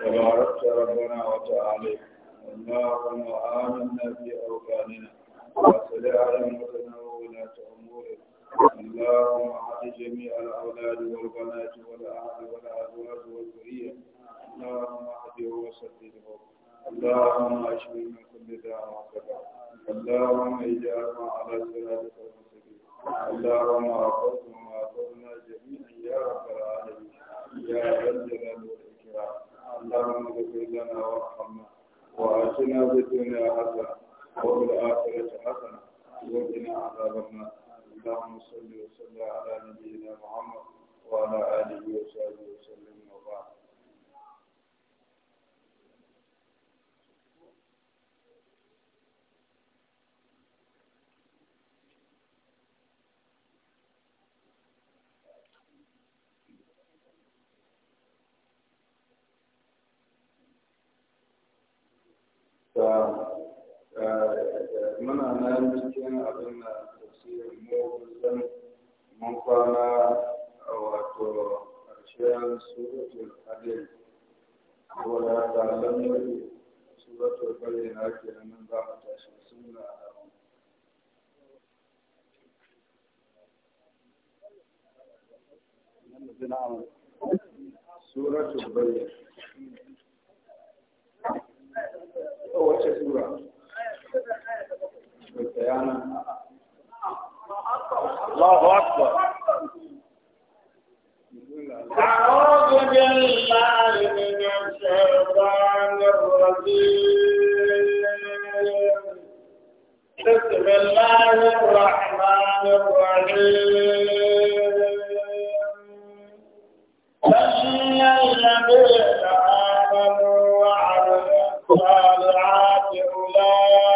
تباركت ربنا وتعالى اللهم آمنا في أوطاننا وأصلح أئمتنا وولاة أمورنا اللهم أعط جميع الأولاد والبنات والأهل والأزواج والذرية اللهم أهدهم وسدده اللهم اشف من كل داء وسبب اللهم اجعلنا على صراطك المستقيم اللهم أعطنا وأعطنا جميعا يا رب العالمين يا ذا الجلال والإكرام اللهم اغفر لنا وارحمنا وآتنا بالدنيا حسنة وفي الآخرة حسنة وقنا عذاب النار اللهم صل وسلم على نبينا محمد وعلى آله وصحبه وسلم وبارك nan cikin abin da tafsirin mu kusan mun kwana wato ƙarshen suratul hadin saboda ta lamarci suratul bayyana ke nan za mu tashi suna suratul bayyana wace sura الله أكبر أعوذ بالله من الشيطان الرجيم بسم الله الرحمن الرحيم إن الذين آمنوا وعملوا الصالحات أولئك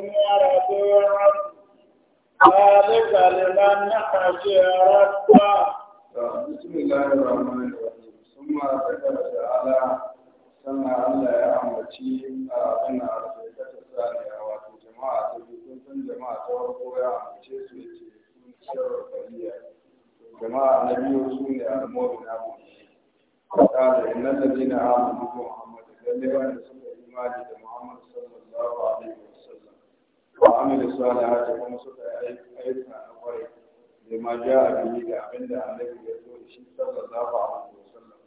Allah ya amince su ne suna cewa ko ya amince su ne suna cewa ko ya amince su ne suna cewa ko ya amince su ne suna cewa ko ya amince su ne suna cewa ko ya amince su ne suna cewa ko ya amince su ne suna cewa cewa cewa ko ya amince su ne suna su ne suna cewa ko ya ya amince su ne suna cewa ko ya amince ne suna ne suna cewa ko ya amince su ne suna wa amila salihati kuma suka aika na kwarai da ma ja a biyu da abinda annabi ya zo da shi sallallahu alaihi wasallam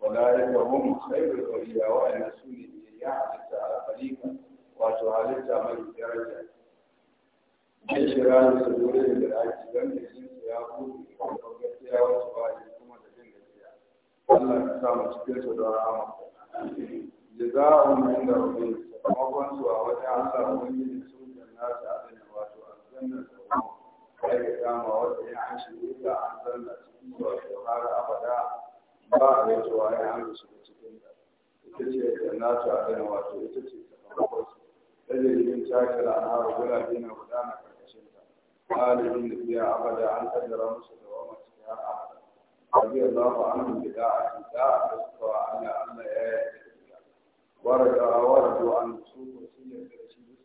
wala yadda hum khairul awliya wa ana sunni ya halitta al khaliqa wato halitta mai daraja ya shira da sadore da aiki dan da shi ya kuɗi da gaskiya wato ba kuma da jin gaskiya Allah ya sa mu da kuma a wajen Allah wani ne su nasu abin wato aljanna tsoro kai ka kama wata ya an shi ita an zanna cikin wato har abada ba a yi cewa ya an su cikin ta ita ce jannatu abin wato ita ce sakamakon su dalilin shakira an haru gulabi na gudana karkashin ta ɗalibin da biya abada an kaddara musu da wama cikin har abada رضي الله عنهم بداعة بداعة تسقى أن الله يا ورد وردوا عن سوق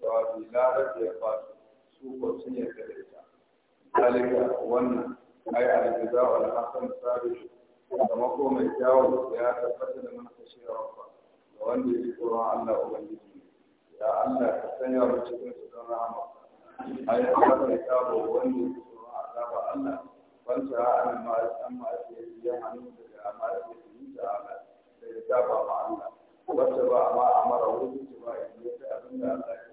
wato larar da ya fasu su ko sun yarda da ita dalika wannan ai al-jaza wal hasan sabit kama ko mai kyawun ya tabbata da mun kashe rabba da wanda ya tsoro Allah ubangiji ya Allah ka sanya wa cikin su don rahama ai Allah ka kawo wanda ya tsoro azaba Allah wanda an ma an ma ya hannu daga amara da yi da Allah da ya saba ma Allah wacce ba ma amara wurin ba ne ta abinda Allah ya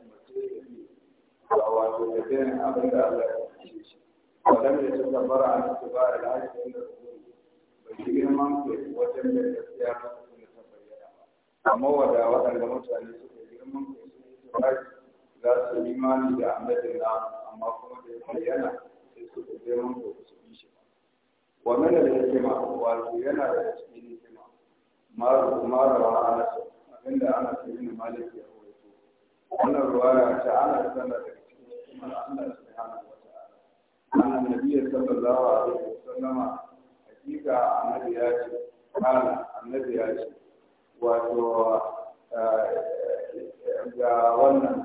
wato da irin abin da Allah ya shi wadanda a nasu ba da lafiya da rukuni ba shi girman wajen da ta kuma ta amma wada waɗanda mutane suka girman ke sun yi tabbari za su yi imani da annabin na amma kuma da ya bayyana sai suka girman ke su yi shi ba wannan da hikima wato yana da cikin hikima mara mara wa anasu abinda anasu yin maliki ya wannan ruwaya ta ana tana da cikin hikimar Allah subhanahu wa ta'ala annan nabiyyi sallallahu alaihi wasallam hakika annabi ya ce kana annabi ya ce wato ga wannan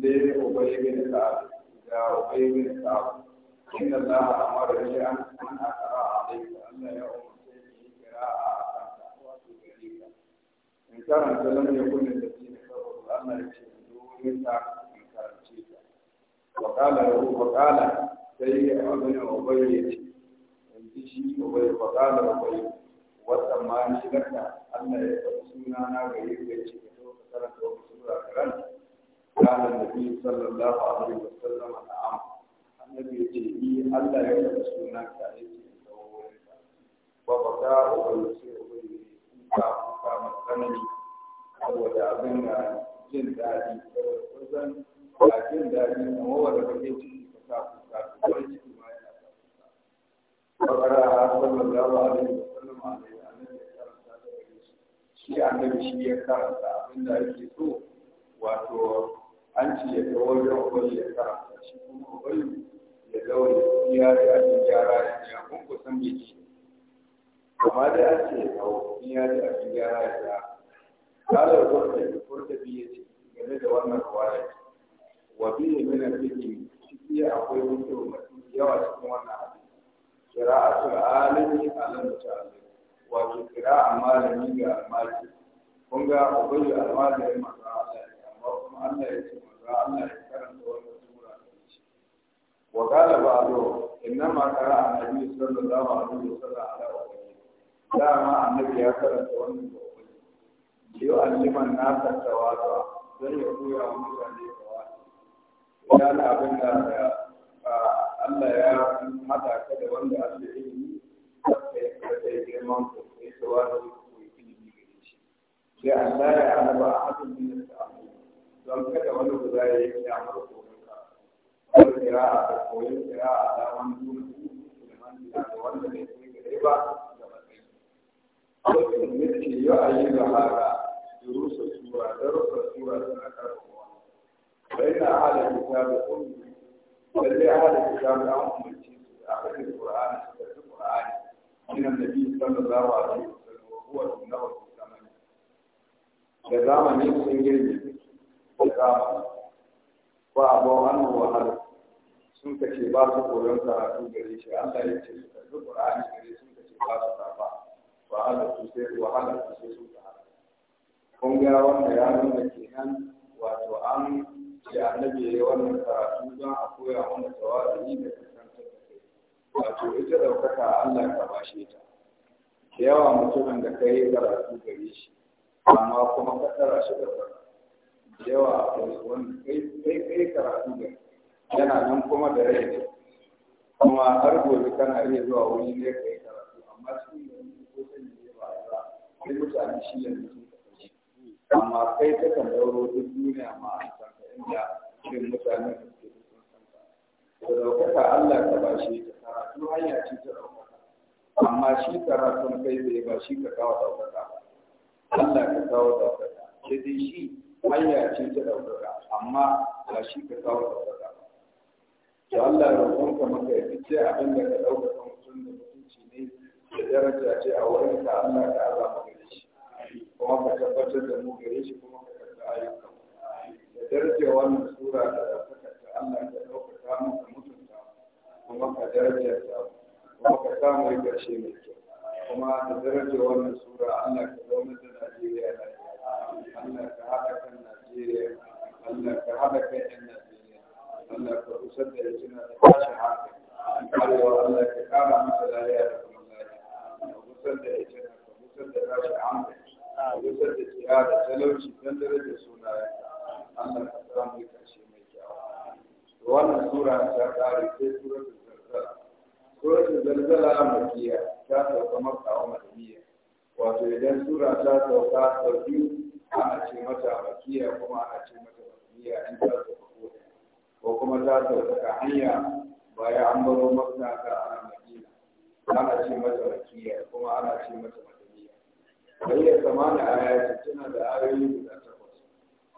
lele ubay bin ka'ab ga ubay bin ka'ab inna Allah amara shi an an aqra alayka Allah ya umarce ki qira'a akan ka wato gare ka in karanta lam yakun lillazina kafaru Allah ya ce ta in karance ta wa qala wakala wa qala sai abin ubayy ya ce yanzu shi ubayy wa qala ma wa tsammani laka Allah ya faɗi suna na gare ka ce ka zo ka karanta wata sura karan kana nabi sallallahu alaihi wasallam na'am annabi ya ce ni Allah ya faɗi suna ka ya ce ka zo wurin ka wa baka ubayy sai ubayy ka ka tsanani saboda abin da jin daɗi kusan ba jin daɗi na wawar da ke ciki ka sa kuka kuwar ciki ma yana sa kuka bakara a sallar da ba alaihi wa sallam alaihi annabi ya karanta da gare shi shi annabi shi ya karanta abinda yake so wato an ci ya kawo da ubayi ya karanta shi kuma ubayi ya daure ya yi ajin gyara ya ya kun kusan bai ci amma da an ce ya kawo ya yi ajin gyara ya قال القرطبي ya ce game da wannan ruwaya wa bihi min al-fiqh ciki akwai wani mutum yawa cikin wannan hadisi qira'atul alimi ala mutaallim wato qira'a malami ga almajiri kun ga ubayyu almajiri manzo Allah amma kuma Allah ya ce manzo Allah ya karanta wannan sura wa qala ba'du dama annabi ya karanta liman nasa tawata don ya koya wa mutane tawata ya na abin da Allah ya haɗa ka da wanda Allah ya yi ka kai girman ka kai tawata ka koyi ilimi gare shi sai a ya ba a hadin min ta'amu don kada wani guda ya yi kyamar koyon ka wani kira a da koyon kira a da wani duniya da wanda bai kai gare ba da matsayi. Wani mutum ya ce yau a yi da دروس السورة درس السورة سنكرهها فإن أهل الكتاب أمي فلي أهل الكتاب أمي الجيس أخذ القرآن سورة القرآن من النبي صلى الله عليه وسلم وهو من نوع الزمن لزامن يسجل لزامن وأبو أنه وهلك sun ka ce ba su koyon karatu gare shi Allah ya ce su karbi Qur'ani gare sun ka ce ba su karba wahala su sai wahala su sai sun ka kun ga wanda ya nuna kenan wato an ce annabi ya yi wannan karatu don a koya mana tawazi da kasantar da kai wato ita ɗaukaka Allah ka bashe ta da yawa mutumin da kai yi karatu gare shi amma kuma ka tsara shi da ba da yawa akwai wanda kai kai karatu gare yana nan kuma da rai ne kuma har gobe kana iya zuwa wuri ne kai karatu amma cikin da ko sani ne ba a sai mutane shi yanzu amma kai ta kan dauro duk duniya ma a sanka inda irin mutane da suke sun sanka da daukaka Allah ka ba shi ka karatu hanya ce ta daukaka amma shi karatun kai bai ba shi ka kawo daukaka Allah ka kawo daukaka sai dai shi hanya ce ta daukaka amma ba shi ka kawo daukaka to Allah ya roƙonka maka ya fice abin da ka daukaka mutum da mutunci ne da daraja ce a ka Allah ka azama kuma ka tabbatar da mu gare shi kuma ka karɓi ayyuka da daraja wannan sura da ɗaukaka ta Allah ka ɗaukaka mu ka mutunta kuma ka daraja ta kuma ka samu ya ƙarshe mai kyau kuma da daraja wannan sura Allah ka zauna da Najeriya lafiya Allah ka haɗa kan Najeriya Allah ka haɗa kan 'yan Najeriya Allah ka kusa da ya tuna da tashin hankali arewa Allah ka ƙara masa lafiya da kuma lafiya ka kusa da ya tuna ka kusa da tashin hankali gusar da ciya da talauci don dare da sunayen Allah ka samu karshe mai kyawu to wannan sura ta kare sai suratul zalzala suratul zalzala makiya ta sauka makka wa madaniya wato idan sura ta sauka sau biyu ana ce mata makiya kuma ana ce mata madaniya in ta sauka ko ko kuma ta sauka ka hanya bayan an baro makka ka ana madina ana ce mata makiya kuma ana ce mata kama samana ayati tana da ayoyi guda takwas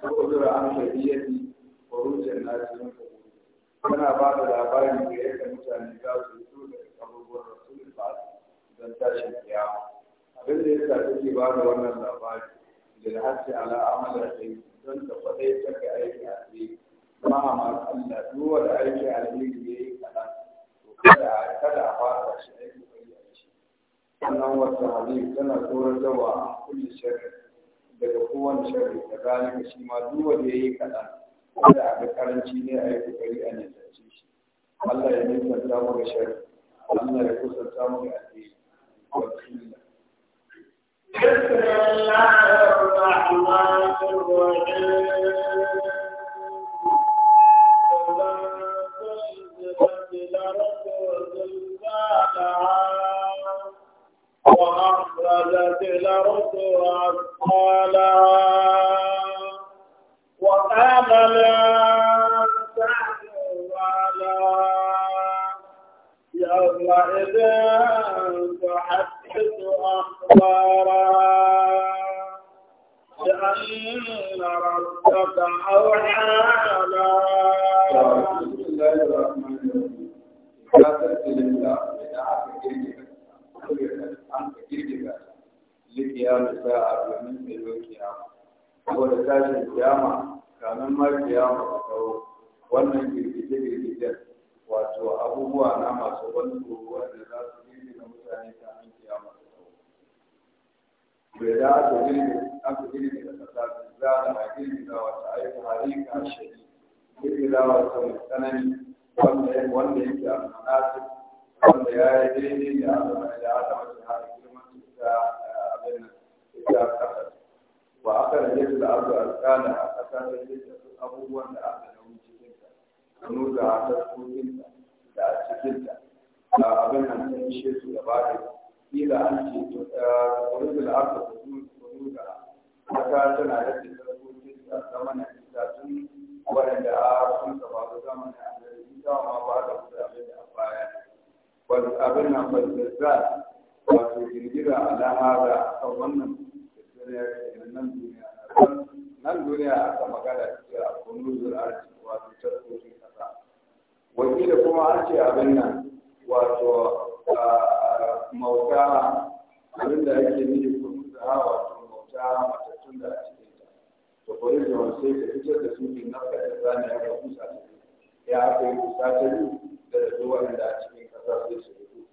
ta kudura an shaidiyati wa rujin nasi min kaburi tana ba da labarin da yadda mutane za su fito daga kaburbuwar rasulun ba don tashin kiyama abin da ya take ba da wannan labari da hasi ala amala yi, don ta kwadai ta ga aiki a tsaye ma ma Allah duk aiki alheri yayi kadan to kada kada a fara shi sannan wata hadith tana tsoratarwa wa kulli sharri daga kowane sharri da zalika shi ma duk wanda yi kaɗan kada a ga karanci ne a yi kokari a nisance shi Allah ya nisanta mu ga sharri Allah ya kusanta mu ga alheri بسم ya الرحمن الرحيم إذا زلزلت الأرض زلزالها وأخرجت الأرض أثقالها وقال الإنسان ولا يومئذ تحدث أخبارها لأن ربك أوحى لها بسم الله الرحمن الرحيم لا kullu an ka girgiza liqiyamu sa'a domin tsayo kiyama saboda tashin kiyama kamin ma kiyama ta kawo wannan girgije-girgije wato abubuwa na masu wani tsoro da za su girgiza mutane kamin kiyama ta kawo bai da aka girgiza aka girgiza kasa za a na girgiza wata aiki harika shari girgiza wata mai tsanani wanda yake a munasib wanda ya yi daidai da abin da aka eh, abin nan da abu alƙala a ƙasa da abubuwan da a da a da abin nan sun gaba da kila an eh, da a ita ma ba da kuɗa abin da a baya wato abin nan balzazza wato a ala a kan wannan nan duniya nan duniya aka magana ce a kunuzul arzi wato tarkokin kasa wakila kuma an ce abin nan wato mauta abin da ake nufi kunuzul hawa mauta matattun da a cikin ta to kuri da sai ka fitar da su bin nafka da zane ya ga kusa ya aka yi kusa ta yi da da zuwa da a cikin kasa sai su fito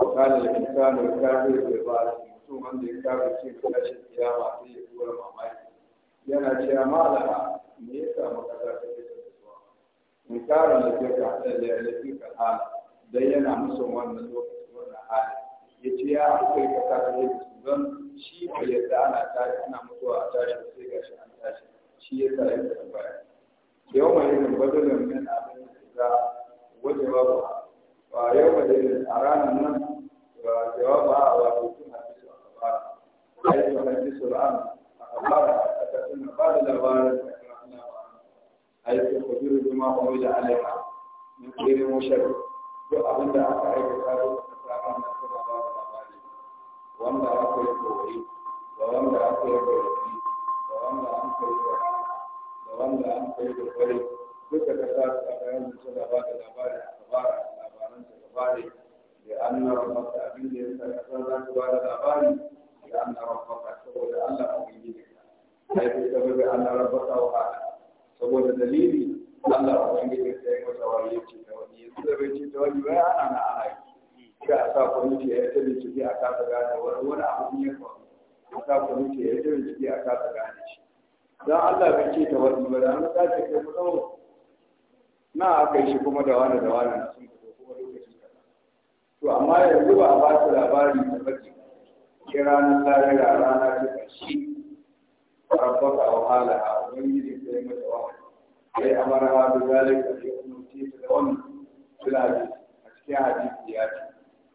وقال الإنسان الكافر بالبعث mutum wanda ya kafa ce ga tashin kiyama sai ya tura mamaki yana cewa malaha me ya samu kasa ta ke tasowa in kara da ke ka da lalafi ka hala dan yana musu wannan lokacin wannan hali ya ce ya akwai kasa ta yi ke don shi bai yadda ana tashi ana mutuwa a tashi sai ga shi an tashi shi ya sa ya tambaya yau mai yin badalin min abin da wajen babu a yau ba da a ranar nan a a ai a a ba da labarin da ai to ko da alaika aka da da wanda da wanda da wanda da wanda duka kasar a kayan da suna ba da labarin a kabara الأخبار لأن ربك أبين يتكسر بعد الأخبار لأن ربك سوى لأن أبينك حيث سبب أن ربك وقال سوى دليلي أن أبينك سيكون توليتي توليتي wani توليتي وأنا أنا أنا sai a sa kwamiti ya ta ciki a kasa gane wani wani abu ne ya sa kwamiti ya ta ciki a kasa gane shi don Allah bai ce ta wani ba da an ke kai na aka yi shi kuma da wani da wani na sun to amma yanzu ba a ba su labari da baki ke ranar da rana ta ƙarshe rabbaka a wani ubangiji sai mata wahayi sai amarawa da zalika sai umarce ta da wani filabi a cikin hadisi ya ce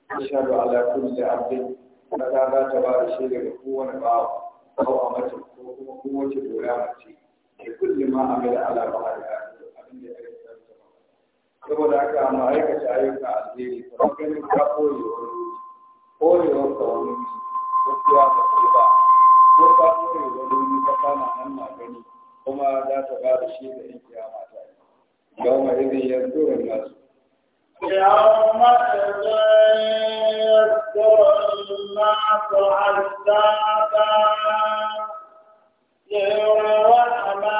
ashhadu ala kulli abdin ta za ta ba da shi daga kowane bawa ko a mace ko kuma kowace dora mace ke kulle ma amila ala da saboda haka mu aikata ayyukan alheri kamar ganin ka koyi wani koyi wani wani gaskiya ba ta ba ko ka koyi wani wani ka kama nan na gani kuma za ta ba da shi da yan kiyama ta yau ma idan ya zuwa nasu يوم يذكر الناس عذابا ليرى ما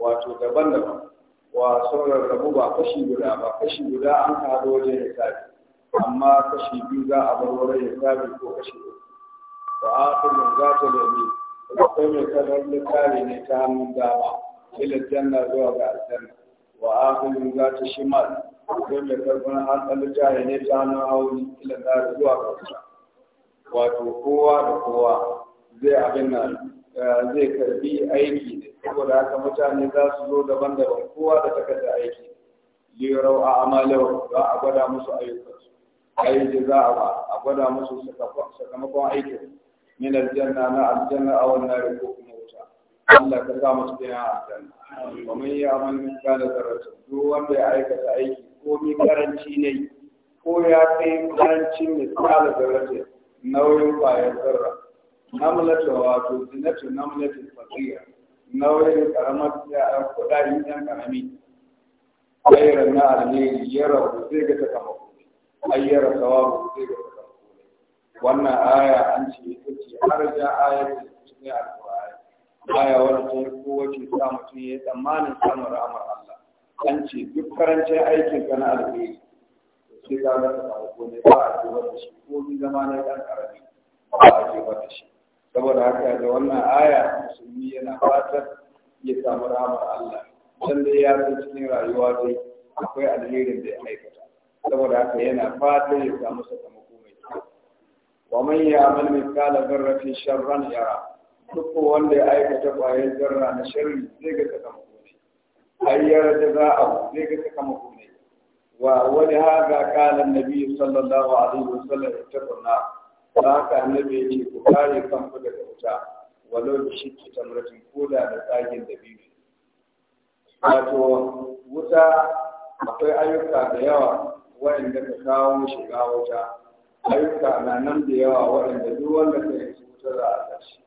wato daban-daban wa sauran rabu ba kashi guda ba kashi guda an kaɗo wajen hisabi amma kashi biyu za a bar wurin hisabi ko kashi uku wa akhirin za ta lami akwai mai kadar littafi ne ta hannun dama ila janna zuwa ga aljanna wa akhirin za ta shimal akwai mai karfin hannun littafi ne ta hannun hauni ila zuwa ga wato kowa da kowa zai abin nan zai karbi aiki ne saboda haka mutane za su zo daban-daban kowa da takarda aiki liyarau a amalau za a gwada musu ayyukansu ayyuka za a ba a gwada musu sakamakon aiki min aljanna na aljanna a wannan ko kuma wuta Allah ka sa musu cikin aljanna wa man ya'mal mithqala dharratin duk wanda ya aikata aiki ko mi karanci ne ko ya kai karancin mithqala dharratin nauyin kwayar zarra namlata wato zinatu namlatin fasiya nauyin karamar kudayen yan karami bayar na alheri ya rabu zai ga sakamako ayyara sawabu zai ga sakamako wannan aya an ce ita ce harja aya da cikin alkur'ani aya wani ta kowace sa mutum ya tsammanin samun ramar Allah an ce duk karancin aikin ka na alheri sai ka ga sakamako ne ba a ce wata shi ko zama na dan karami ba a ce wata shi saboda haka da wannan aya musulmi yana fatan ya samu rahmar Allah lallai ya fi cikin rayuwa dai akwai alherin da ya aikata saboda haka yana fatan ya samu sakamako mai kyau wa man ya'mal mithqala sharran yara duk wanda ya aikata ƙwayar zarra na sharri zai ga sakamako ne ayyar da za a zai ga sakamako ne wa wani haka kala nabi sallallahu alaihi wasallam ya tabbata ba haka annabi ya ce ku kare kanku daga wuta walau da shi ke tamratin koda da tsagin da bibi wato wuta akwai ayyuka da yawa waɗanda ka kawo shiga wuta ayyuka na nan da yawa waɗanda duk wanda ka yi wuta za a tashi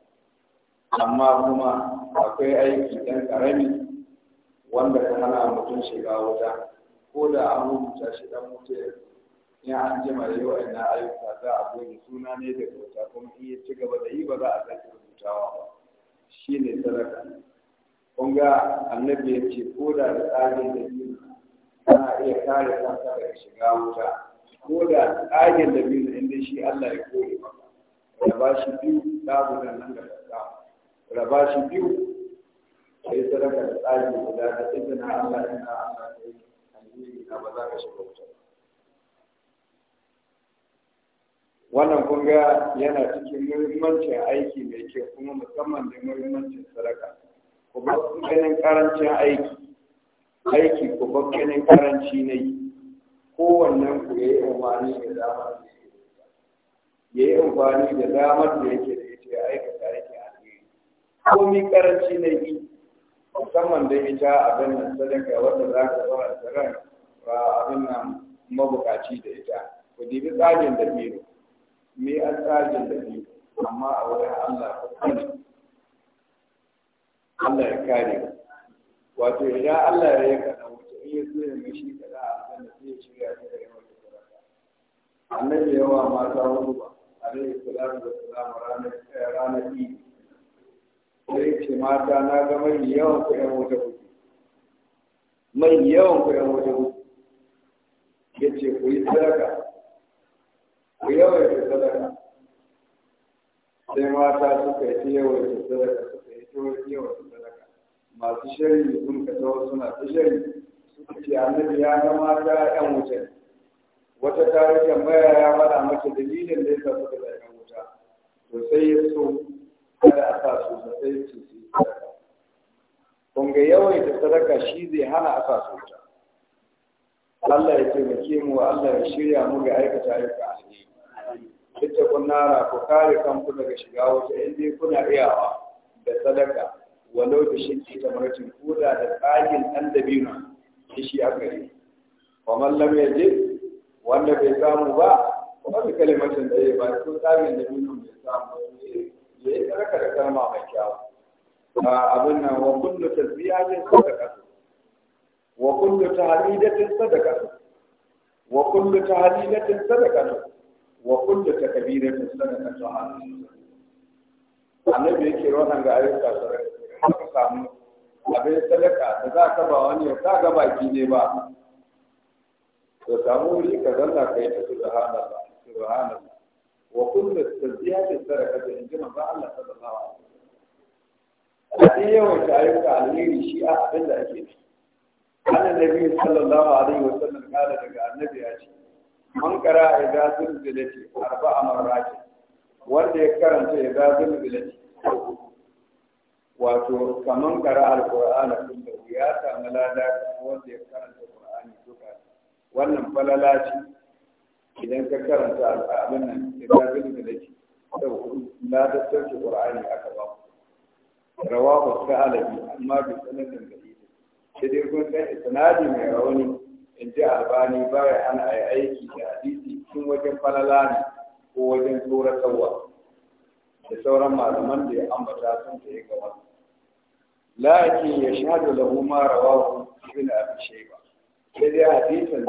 amma kuma akwai aiki ɗan ƙarami wanda ka hana mutum shiga wuta ko da an rubuta shi ɗan mutum in an jima yi wa'annan ayyuka za a goge suna ne da kyauta kuma in ya ci gaba da yi ba za a sake rubutawa ba shi ne sadaka kun ga annabi ya ce ko da da tsarin da biyu ana iya kare kansa daga shiga wuta ko da tsarin da biyu inda shi Allah ya kore maka raba shi biyu babu nan da kasa raba shi biyu sai sadaka da tsarin guda da izinin Allah ina Allah sai alheri na ba za ka shiga wuta ba. wannan kun ga yana cikin muhimmancin aiki mai kyau kuma musamman da muhimmancin sadaka ku ba ganin karancin aiki aiki ku ba ganin karanci ne wannan ku ya yi amfani da damar da yake ya yi amfani da damar da yake da ita ya aikata aiki a alheri mi karanci ne musamman da ita abin nan sadaka wanda za ka zama da ran abin nan mabukaci da ita ku dibi tsarin da biyu me an tsajin da ni amma a wurin Allah ka sani Allah ya kare wato idan Allah ya yi kaɗan wuce in ya so mai shi kaɗa a aljanna da ya shirya ta da yawan da sadaka annabi yawa mata wani ba alaihi salatu wa salam ranar eh, ranar yi sai ce mata na ga mai yawan ku wata wuta mai yawan ku wata wuta ya ce ku yi sadaka ku yawaita sadaka sai mata suka yi ta yawaita sadaka suka yi ta yawaita sadaka masu shari sun ka tawo suna ta shari suka ce annabi ya ga mata yan wuce wata tarihin tambaya ya faɗa mata dalilin da ya sa suka da yan wuta to sai ya so kada a sa su da sai su yi sadaka kun ga yawaita sadaka shi zai hana a sa su Allah ya taimake mu Allah ya shirya mu ga aikata ayyuka alheri ita kunnara ku kare kanku daga shiga wata inda kuna iyawa da sadaka walau da shi ke tamarcin kuda da tsagin ɗan dabino shi shi a gari kamar lam ya wanda bai samu ba kuma da kalimatin da ya ba su tsagin dabino bai samu ya yi tsarka da kalma mai kyawu abin nan wa kullu tasbihatin sadaka wa kullu tahmidatin sadaka wa kullu tahlilatin sadaka wa kullu takbiratin sadaqatu alaihi annabi yake wannan ga ayyuka sadaka ka samu abin sadaka da za ka ba wani ya ka baki ne ba to samu wuri ka zanna kai ta subhanallah subhanallah wa kullu tazkiyati sadaqatu in ji manzo Allah sallallahu alaihi wasallam a yawan ayyuka alheri shi a abin da ake ci annabi sallallahu alaihi wasallam kada daga annabi ya ce man kara ya ga zulzulati arba'a marrati wanda ya karanta ya ga zulzulati wato kaman kara alqur'ana kullu ya samu lada wanda ya karanta qur'ani duka wannan falala ce idan ka karanta al'adun nan ya ga zulzulati sau hudu lada sauke qur'ani aka ba rawahu sa'alabi amma bi sanadin da yake sai dai kun san isnadi mai rauni in ji albani baya hana a yi aiki da hadisi tun wajen falala ne ko wajen tsoratarwa da sauran malaman da ya ambata sun da yi gaba laki ya shahadu da ma rawahu ibn abi shayba sai dai hadisin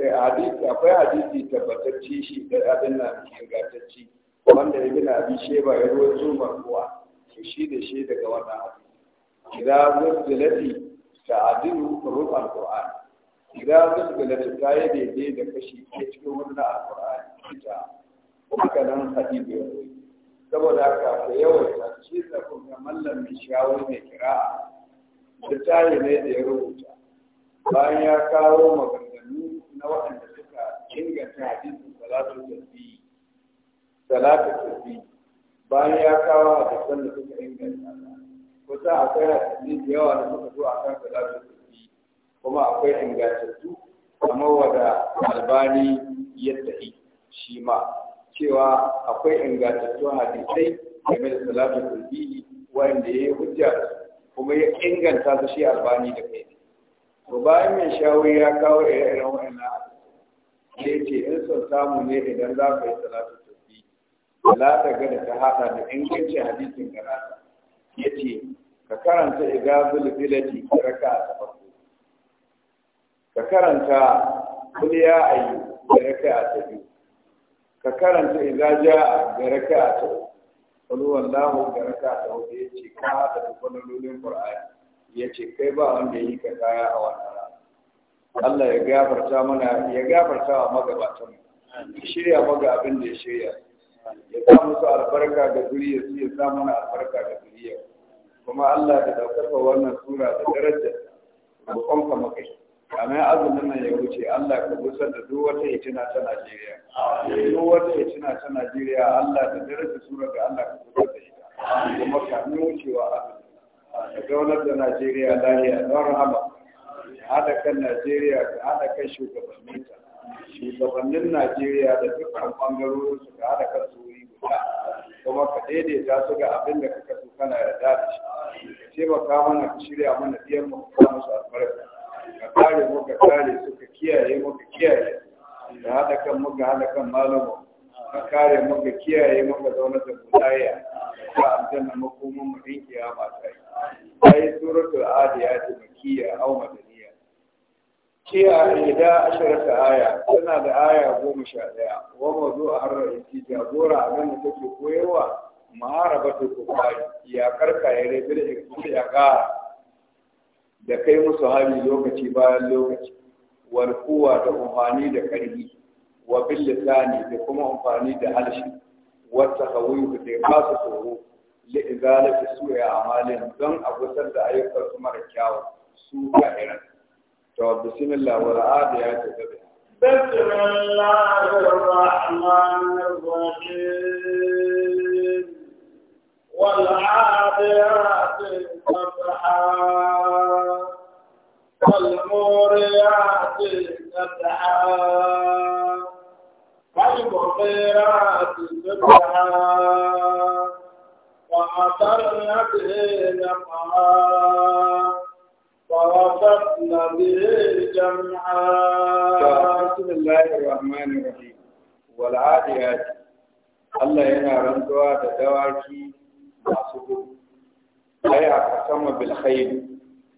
da hadisi akwai hadisi tabbatacci shi da abin nan ingantacce wanda ibn abi shayba ya rawaito zuwa to shi da shi daga wannan hadisi idan mutsilati ta'adilu rub al-qur'an idan zalzalatu ta yi daidai da kashi ke cikin wannan al-qur'an ita kuma nan hadisi ya yi saboda haka yawa yawaita shi da kuma mallam mai shawo mai kira da tayi ne da ya rubuta bayan ya kawo maganganu na waɗanda suka inganta hadisin salatu tasbih salatu tasbih bayan ya kawo hadisan da suka inganta kusa akwai hadisi da yawa da suka zo akan salatul kusufi kuma akwai ingantattu Amma wada albani ya tafi shi ma cewa akwai ingantattun hadisai game da salatu kusufi wanda ya yi hujja kuma ya inganta su shi albani da kai to bayan mai shawari ya kawo ire-iren wa'annan sai ce in son samu ne idan za ka yi salatu tafi la ta ga da ta hada da ingancin hadisin garata ya ce ka karanta igabul filati raka ta farko ka karanta kuliya ayu da raka ta biyu ka karanta igaja da raka ta uku wallahu da raka ta uku yace ka hada dukkan lulun qur'ani yace kai ba wanda yi ka kaya a wannan Allah ya gafarta mana ya gafarta wa magabatan ya shirya maga abin da ya shirya ya sa musu albarka ga zuriya su ya samu na albarka ga zuriya kuma Allah da ɗaukaka wannan sura da darajar roƙonka maka amma azumin nan ya wuce Allah ka busar da duk wata na ta Najeriya duk wata na ta Najeriya Allah da darajar sura ga Allah ka busar da ita kuma kamin wucewa wa da daular da Najeriya lahiya don rahama hada kan Najeriya ka hada kan shugabanninta shugabannin Najeriya da dukkan su ka hada kan su wuri guda kuma ka daidaita su ga abin da kaka so kana da shi ka taimaka mana ka shirya mana biyan mu ka musu albarka ka kare mu ka kare su ka kiyaye mu ka kiyaye da hada kan mu ga haɗa kan malamu ka kare mu ka kiyaye mu ka zauna da budaya ka aljanna makomin mu rinkiya ba ta yi ai suratul adiyat makiya au madaniya kiya ida ashirata aya tana da aya goma sha ɗaya wa mazu a harar isi jagora nan da take koyarwa ma'araba ta kufari ya karka ya rabe da ikisi ya ƙara da kai musu hali lokaci bayan lokaci warkuwa da amfani da ƙarfi wa bil da kuma amfani da halshi wata hawiyu da ba su tsoro li izalati su'a amalin don a gusar da ayyukan su mara kyawu su ka'iran to bismillah wal adiyati dabha بسم الله الرحمن الرحيم والعاديات ضبحا والموريات قدحا والمغيرات سبحا وأثرن به نقعا ورفضنا به جمعا بسم الله الرحمن الرحيم والعاديات Allah yana rantsuwa da dawaki masu gudu. Sai a sama bilkhairu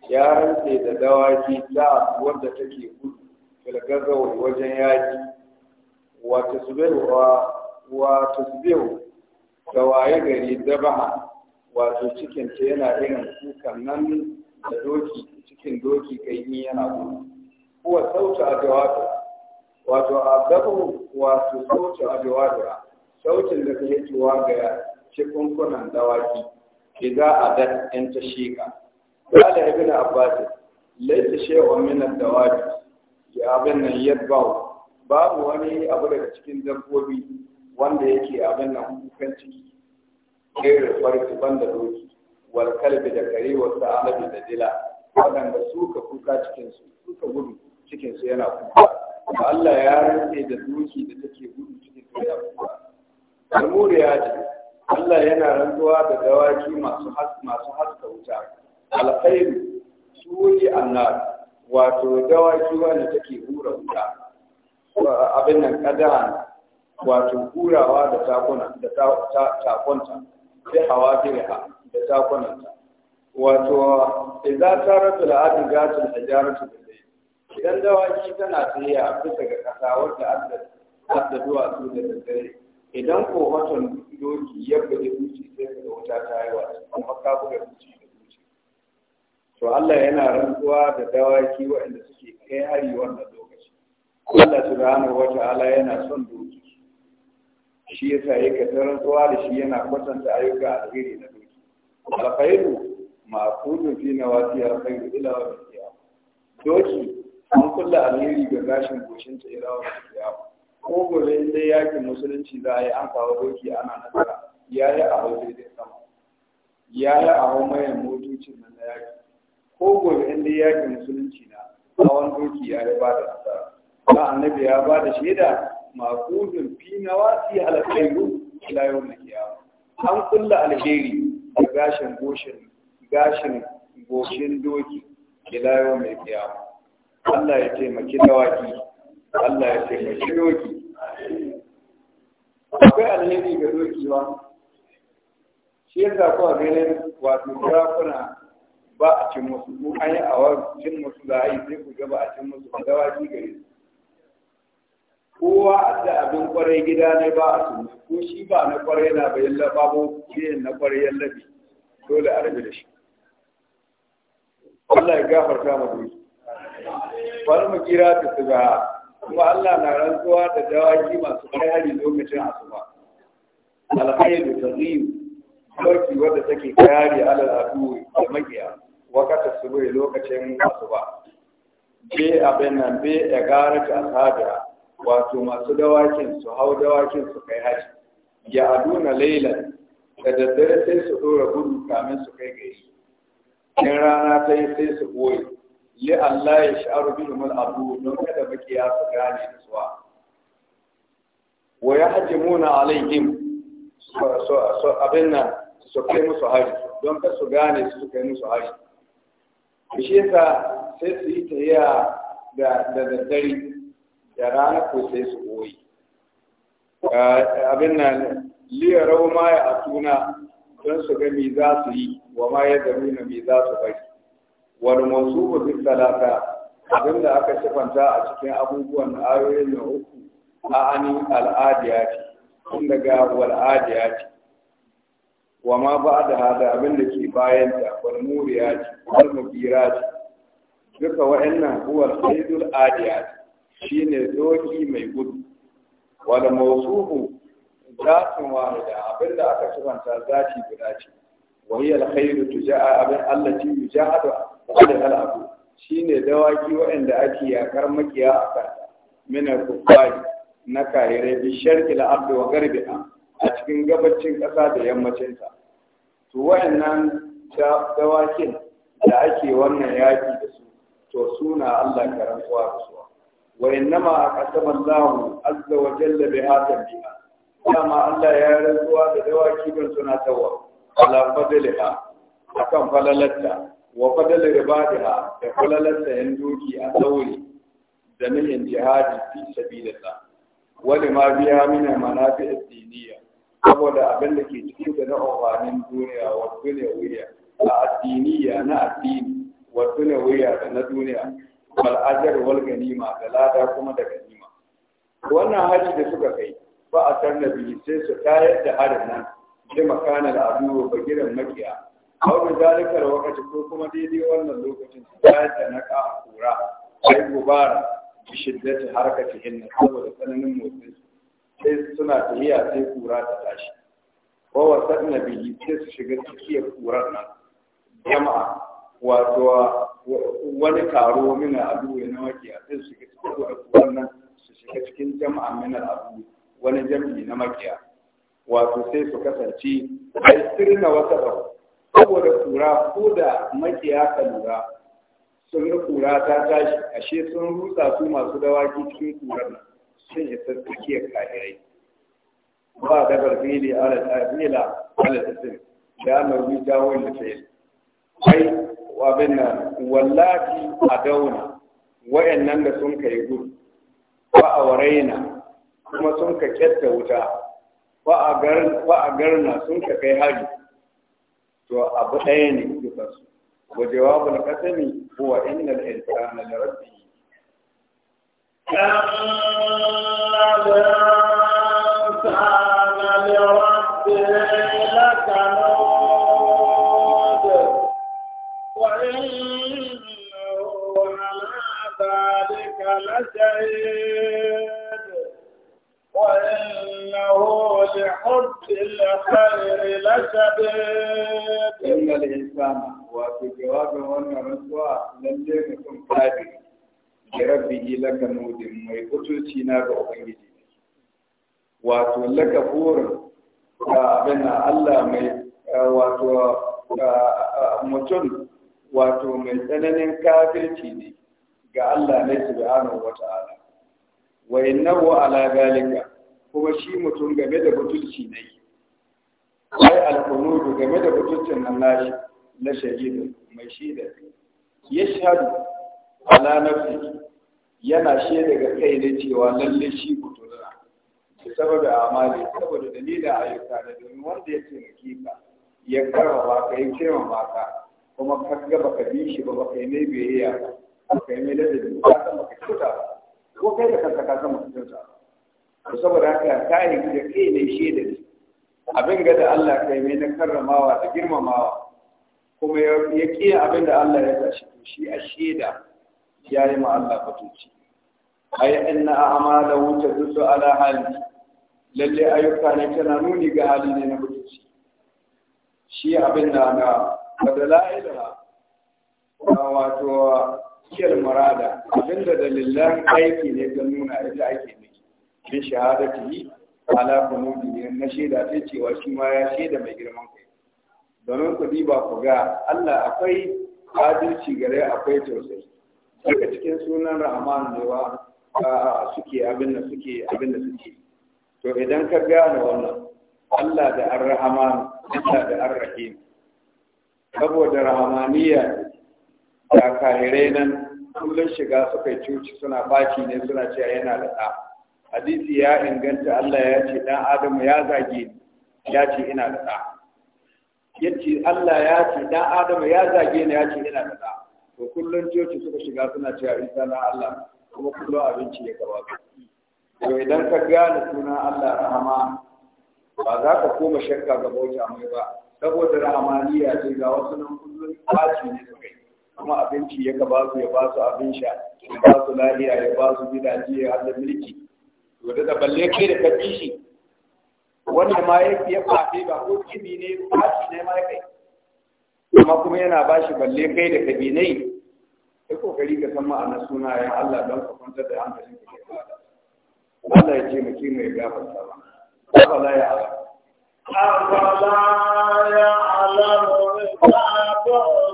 ya rantse da dawaki ta wadda take gudu filgazawar da gari dabaha wato cikinta yana irin kukan nan da doki cikin doki kai ni yana gudu kuwa sauta a jawabira wato a gabu wato sauta a jawabira sautin da kai tuwa ga cikunkunan dawaki idza adat in da da ibn abbas laita shay'un min minan dawabi ya abin nan Ba babu wani abu daga cikin dabbobi wanda yake abin nan kukan ciki kai da ban banda doki wal kalbi da kare wa sa'alabi da dila waɗanda suka kuka cikinsu suka gudu cikinsu yana kuka da Allah ya rantse da doki da take gudu cikin su yana kuka ya ce Allah yana rantsuwa da dawaki masu masu haska wuta alkhairu suyi annar wato dawaki wanda take hura wuta abin nan kadan wato hurawa da takuna da takonta sai hawa da takunanta wato idza taratu al-adigatu al-hijaratu bil-layl idan dawaki tana a bisa ga kasa wanda ya aka duwa su da daddare idan ko watan doki ya bude duci sai ka wuta ta yi wato amma ka buga duci da wuce. to Allah yana rantsuwa da dawaki waɗanda suke kai hari wannan lokaci Allah subhanahu ta'ala yana son doki shi yasa yake ta rantsuwa da shi yana kwatanta ayyuka a gari na doki alfairu ma'akudun fi na wasi a kan ilawa wa fiya doki an kulla alheri ga gashin goshin ta ila wa fiya ko gobe in dai yakin musulunci za a yi an kawo doki ana nasara ya yi a hau daidai sama ya yi a hau mayan motocin nan na yaki ko gobe in dai yakin musulunci na hawan doki ya yi ba da nasara ba annabi ya ba da shaida ma'akudun fi na wasi halattairu ila yau na kiyama an kulla alheri ga gashin goshin gashin goshin doki ila yau mai kiyama Allah ya taimaki dawaki Allah ya taimaki doki akwai alheri ga doki ba shi ya ko a ganin wato sarakuna ba a cin musu mu an yi awa cin musu da yi sai ku gaba a cin musu ba dawaki gare su kowa a da abin kwarai gida ne ba a tuni ko shi ba na kwarai na bayan lababo ke na kwarai yallabi dole a rabe da shi Allah ya gafarta mu dai mu kira ta tuga kuma Allah na rantsuwa da dawaki masu hari lokacin asuba alkhayru tazim barki wadda take kare alal adu da magiya wakata subuhi lokacin asuba Je abin nan be ya gara ta asada wato masu dawakin su hau dawakin su kai haji ya aduna lailan da daddare sai su dora gudu kamin su kai gaisu. in rana ta yi sai su goyi li Allah ya sha'aru bi mul abu don kada ya su gane da suwa wa yahjimuna alaihim so abin nan su kai musu hari don ka su gane su kai musu hari shi yasa sai su yi tafiya da da daddare da rana ko sai su goyi abin nan liyarau ma ya atuna don su ga me za su yi wa ma ya garu na me za su bari wani masu fi salata abin da aka sifanta a cikin abubuwan ayoyin na uku a ani ce, tun daga wal'adiya ce. wa ma ba da hada abin da ke bayan ta wal muriyati wal ce? duka wa'annan huwa ce shi ne doki mai gudu Wani masu mawsufu zatin wahida abinda aka sifanta zati guda ce wa alkhairu tuja'a abin Allah allati da ala al'abu shine dawaki waɗanda ake yakar makiya a kan min kufari na kahirai bi sharqi al wa gharbiha a cikin gabacin ƙasa da yammacinta. ta to wayannan dawakin da ake wannan yaki da su to suna Allah karantuwa da su wa innama aqsama Allahu azza wa jalla bi hadha biha dama Allah ya rantsuwa da dawaki don tunatarwa ala fadliha akan falalatta wa fadl ribadiha da falalatta yan doki a sauri da nihin jihadi fi sabilillah wani ma biya mina manafi'id diniya saboda abin da ke cikin da na amfanin duniya wa duniya a addiniya na addini wa duniya da na duniya wal ajar wal ganima da lada kuma da ganima wannan haji da suka kai ba a tarna biyu sai su tayar da harin nan da makanar abu wa gidan makiya hau da zalikar wakati ko kuma daidai wannan lokacin su tayar da naka a kura sai gobara da shiddata harka ta na saboda tsananin motsin sai suna tafiya sai kura ta tashi wa wasan na biyu sai su shiga tsakiyar kurar nan jama'a wato wani taro mina abu na makiya sai su shiga cikin kurar nan su shiga cikin jama'a mina abu wani jam'i na makiya wato sai su kasance a sirna wata ɗau saboda kura ko da makiya ka lura sun yi kura ta tashi ashe sun rusa su masu dawaki cikin kura na sun isa tsakiyar kahirai ba da barfili ne a ala tafil da ana da ta tafil ai abin nan wallafi a dauna wayannan da sun kai gudu ba a waraina kuma sun ka kyatta wuta ba a garna sun ka kai hari to abu ɗaya ne dukansu wa jawabul qasami huwa innal insana li rabbih وإنه على ذلك لشهيد وإنه لحب الخير لشديد إن الإنسان وفي جواب هنا رسوى لم يكن قادر لربه لك مودم ما يقتلشي أبنجي wato laka burin abin Allah mai wato mutum wato mai tsananin kafirci ne ga Allah na subhanahu wa ta'ala wa innahu ala galika? kuma shi mutum game da butulci ne ai alqunudu game da butulcin nan nashi na shahidu mai shi da Ya yashhadu ala nafsi yana shaida ga kai ne cewa lalle shi butulra da saboda amali saboda dalilin ayyuka da domin wanda ya taimake ka ya karawa kai ya kirmama ka kuma ka ga baka bi shi ba baka yi mai biyayya ba baka yi ladabi ba ba ko kai da kanka ka san mutuncinsa to saboda haka ya yi da kai ne shaida ne abin ga da Allah kai mai na karramawa da girmamawa kuma ya kiya abin da Allah ya tashi to shi a shaida ya yi ma Allah fatuci ay inna a'malahu dusu ala hali lalle ayyuka ne tana nuni ga hali ne na mutunci shi abin da na badala ilaha wato kiyar marada abinda dalilan aiki ne ga nuna yadda ake miki bin shahadati ala kunudi ne na shaida sai cewa shi ma ya shaida mai girman kai domin ku diba ku ga Allah akwai adalci gare akwai tausayi daga cikin sunan rahman ne wa suke abin da suke abin da suke to idan ka gane wannan Allah da ar-rahman Allah da ar-rahim saboda rahmaniya da kahirai nan kullum shiga suka cuci suna baki ne suna cewa yana da ɗa hadisi ya inganta Allah ya ce dan Adamu ya zage ya ce ina da ɗa yace Allah ya ce dan Adamu ya zage ni ya ce ina da ɗa to kullum coci suka shiga suna cewa Isa na Allah kuma kullum abinci ya gaba to idan ka gane sunan Allah rahama ba za ka koma shakka ga bauta mai ba saboda rahamaniya ce ga wasu nan kullum baci ne suka yi kuma abinci ya ka basu ya basu abin sha ya basu lahiya ya basu gidaje ya hada mulki to da balle kai da kafi shi wanda ma ya ya fafe ba ko kimi ne ba shi ne ma kai kuma kuma yana ba shi balle kai da kabi ne kai kokari ka san ma'anar sunayen Allah don ka kwantar da hankalin ka Allah ya ce mu ki mai gafarta ba Allah ya Allah ya Allah ya Allah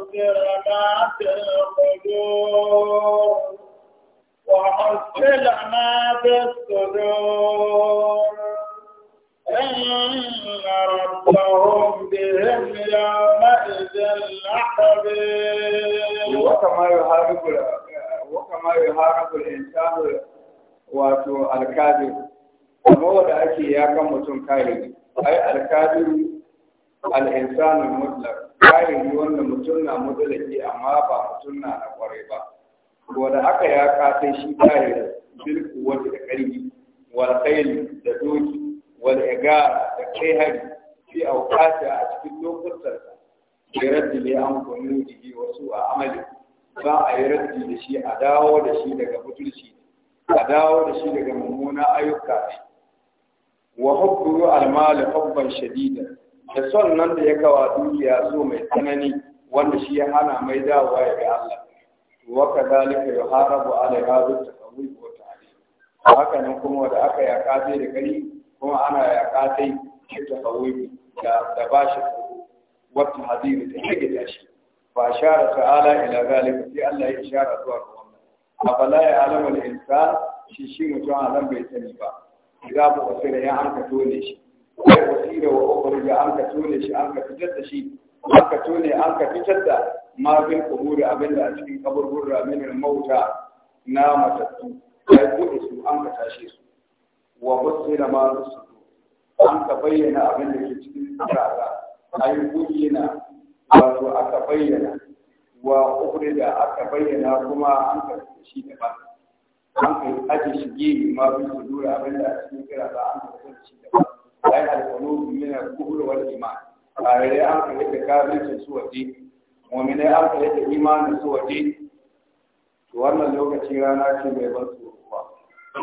Wato alkadiru, kamar wanda ake yakan mutum kayan, ai alkadiru al'insanin mutlak kayan yi wanda mutum na mutulaki amma ba mutum na na kwarai ba wanda aka ya kasai shi kayan bilku wata da ƙarfi wal da doki wal iga da kai hari fi auqati a cikin lokutan da raddi ne an kunu jiki wasu a amali ba a yi raddi da shi a dawo da shi daga butulci a dawo da shi daga mummuna ayyuka wa al mal hubban da son nan da ya kawa dukiya so mai tsanani wanda shi ya hana mai dawowa ya ga Allah wa kadhalika yuharabu alaiha bit ko ta ne haka nan kuma wanda aka yaka sai da gari kuma ana yaka sai shi taqawwi da da bashi wata hadiri da higita shi fa shara ta'ala ila zalika sai Allah ya ishara zuwa ga wannan afala ya alamu al-insan shi shi mutum a bai sani ba idan ba sai ya hanka dole shi wa wasira wa ukhriya an ka shi an fitar da shi an ka tone fitar da ma bin kuburi abinda a cikin kaburburra min mauta na matattu ya bude su an ka tashe su wa basira ma su an ka bayyana abinda ke cikin tsara ayi bayyana wato aka bayyana wa ukure da aka bayyana kuma an ka da shi da ba an ka aje shi gefe ma bin su dura a cikin kira ba an ka da shi da ba ai alqulub min al-kufr wal iman kare an ka yadda kafircin su waje mu'minai an ka yadda imanin su waje to wannan lokaci rana ce mai ban tsoro ba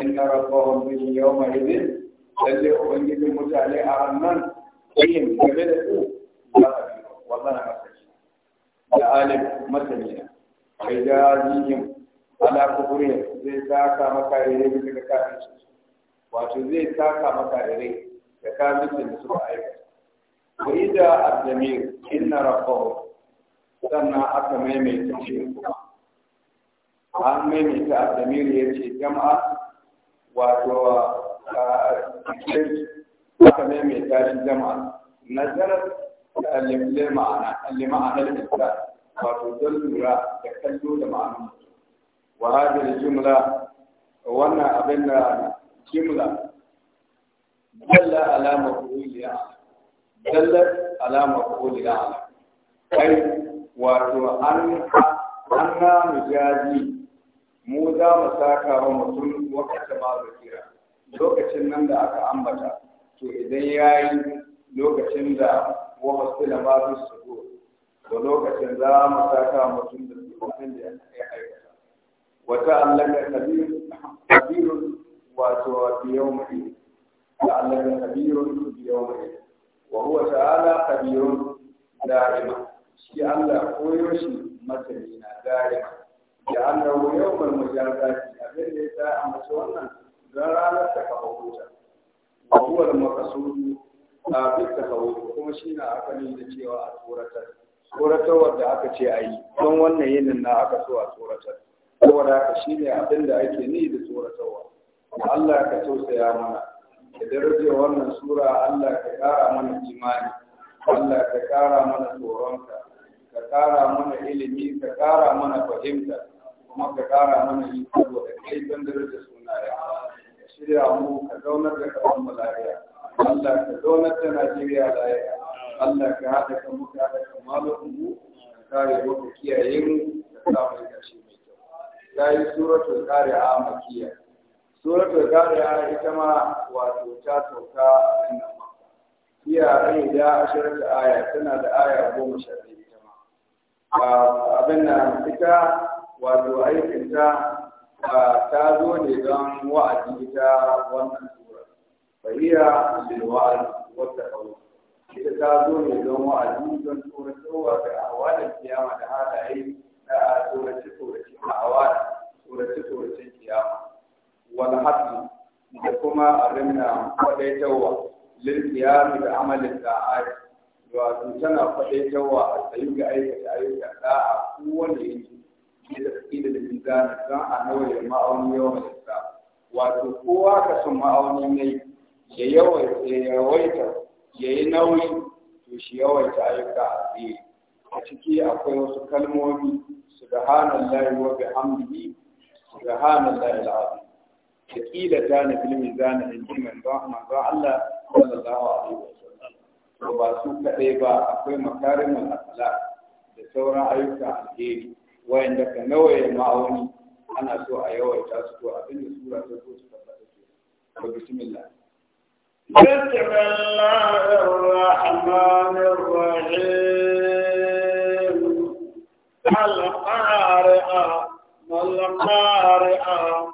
inna rabbahum bihi yawma idin lalle ubangijin mutane a annan yin game da su za a bi wallahi masani da alim masani na kai jajihim ala kuburiyar zai taka maka rere bisa ga kafircin wato zai taka maka rere كان مثل سرعيك وإذا الضمير إن رفعه سمع أكا ميمي تشيركم عن ميمي كالضمير يتشي جمعة وجوا أكا آه، ميمي تشي جمعة نزلت للمعنى اللي معنى الإسلام وتدل على تكلم معنى وهذه الجملة وانا أبنى جملة dalla alama kuliya dalla alama kuliya kai wato an an na mujaji mu za mu saka wa mutum wakata ma zakira lokacin nan da aka ambata to idan yayi lokacin da wa hasila ma su sugo to lokacin za mu saka wa mutum da dukkan da ya aikata wata allaka kabir kabirun wato yawmi لعلك خبير بيومئذ وهو تعالى خبير دائما شي الله كويوشي مثلنا دائما لأنه يوم المجازات أبين ليسا أمسونا غرانة تكفوتا وهو المقصود abin da hawo kuma shi na akali da cewa a tsoratar tsoratar wadda aka ce a yi don wannan yinin na aka so a tsoratar saboda haka shi ne abin da ake ni da tsoratarwa Allah ka tausaya mana da darajar wannan sura Allah ka kara mana imani Allah ka kara mana tsoronka ka kara mana ilimi ka kara mana fahimta kuma ka kara mana iko da kai daraja darajar sunaya shirya mu ka zaunar da kasan Allah ka zaunar da Najeriya lafiya Allah ka haɗa kan mu haɗa kan malumin mu kare mu ka kiyaye mu ka sa mu mai kyau yayi suratul qari'a kiya. suratul qari'a ita ma wato ta sauka a wannan makka iya rai da ashirin da aya tana da aya goma sha biyu ita ma abin nan ita wato aikinta, ta zo ne don wa'azi ta wannan sura fahiya lil wa'az wa taqawwur ita ta zo ne don wa'azi don tsoratowa ga awalin kiyama da halaye na tsorace-tsorace a awalin tsorace-tsoracen kiyama wal hadd da kuma arinna kwadaitawa lil qiyam da amalin da'at wato tana kwadaitawa a tsayi ga aikata ayyuka da'a kowane yanki da tsakida da mizani a nawaye ma'auni yawan lissa wato kowa ka san ma'auni ne yawaita ya yi nauyi a ciki akwai wasu kalmomi subhanallahi wa bihamdihi subhanallahi alazim da kila ta na filmi zana in ji mai don manzo Allah sallallahu alaihi wasallam to ba su kadai ba akwai makarimul akhlaq da sauran ayyuka alheri wayanda ka nawaye ma'auni ana so a yawaita su to abinda sura ta so su tabbata ke to bismillah بسم الله الرحمن الرحيم القارئة ما القارئة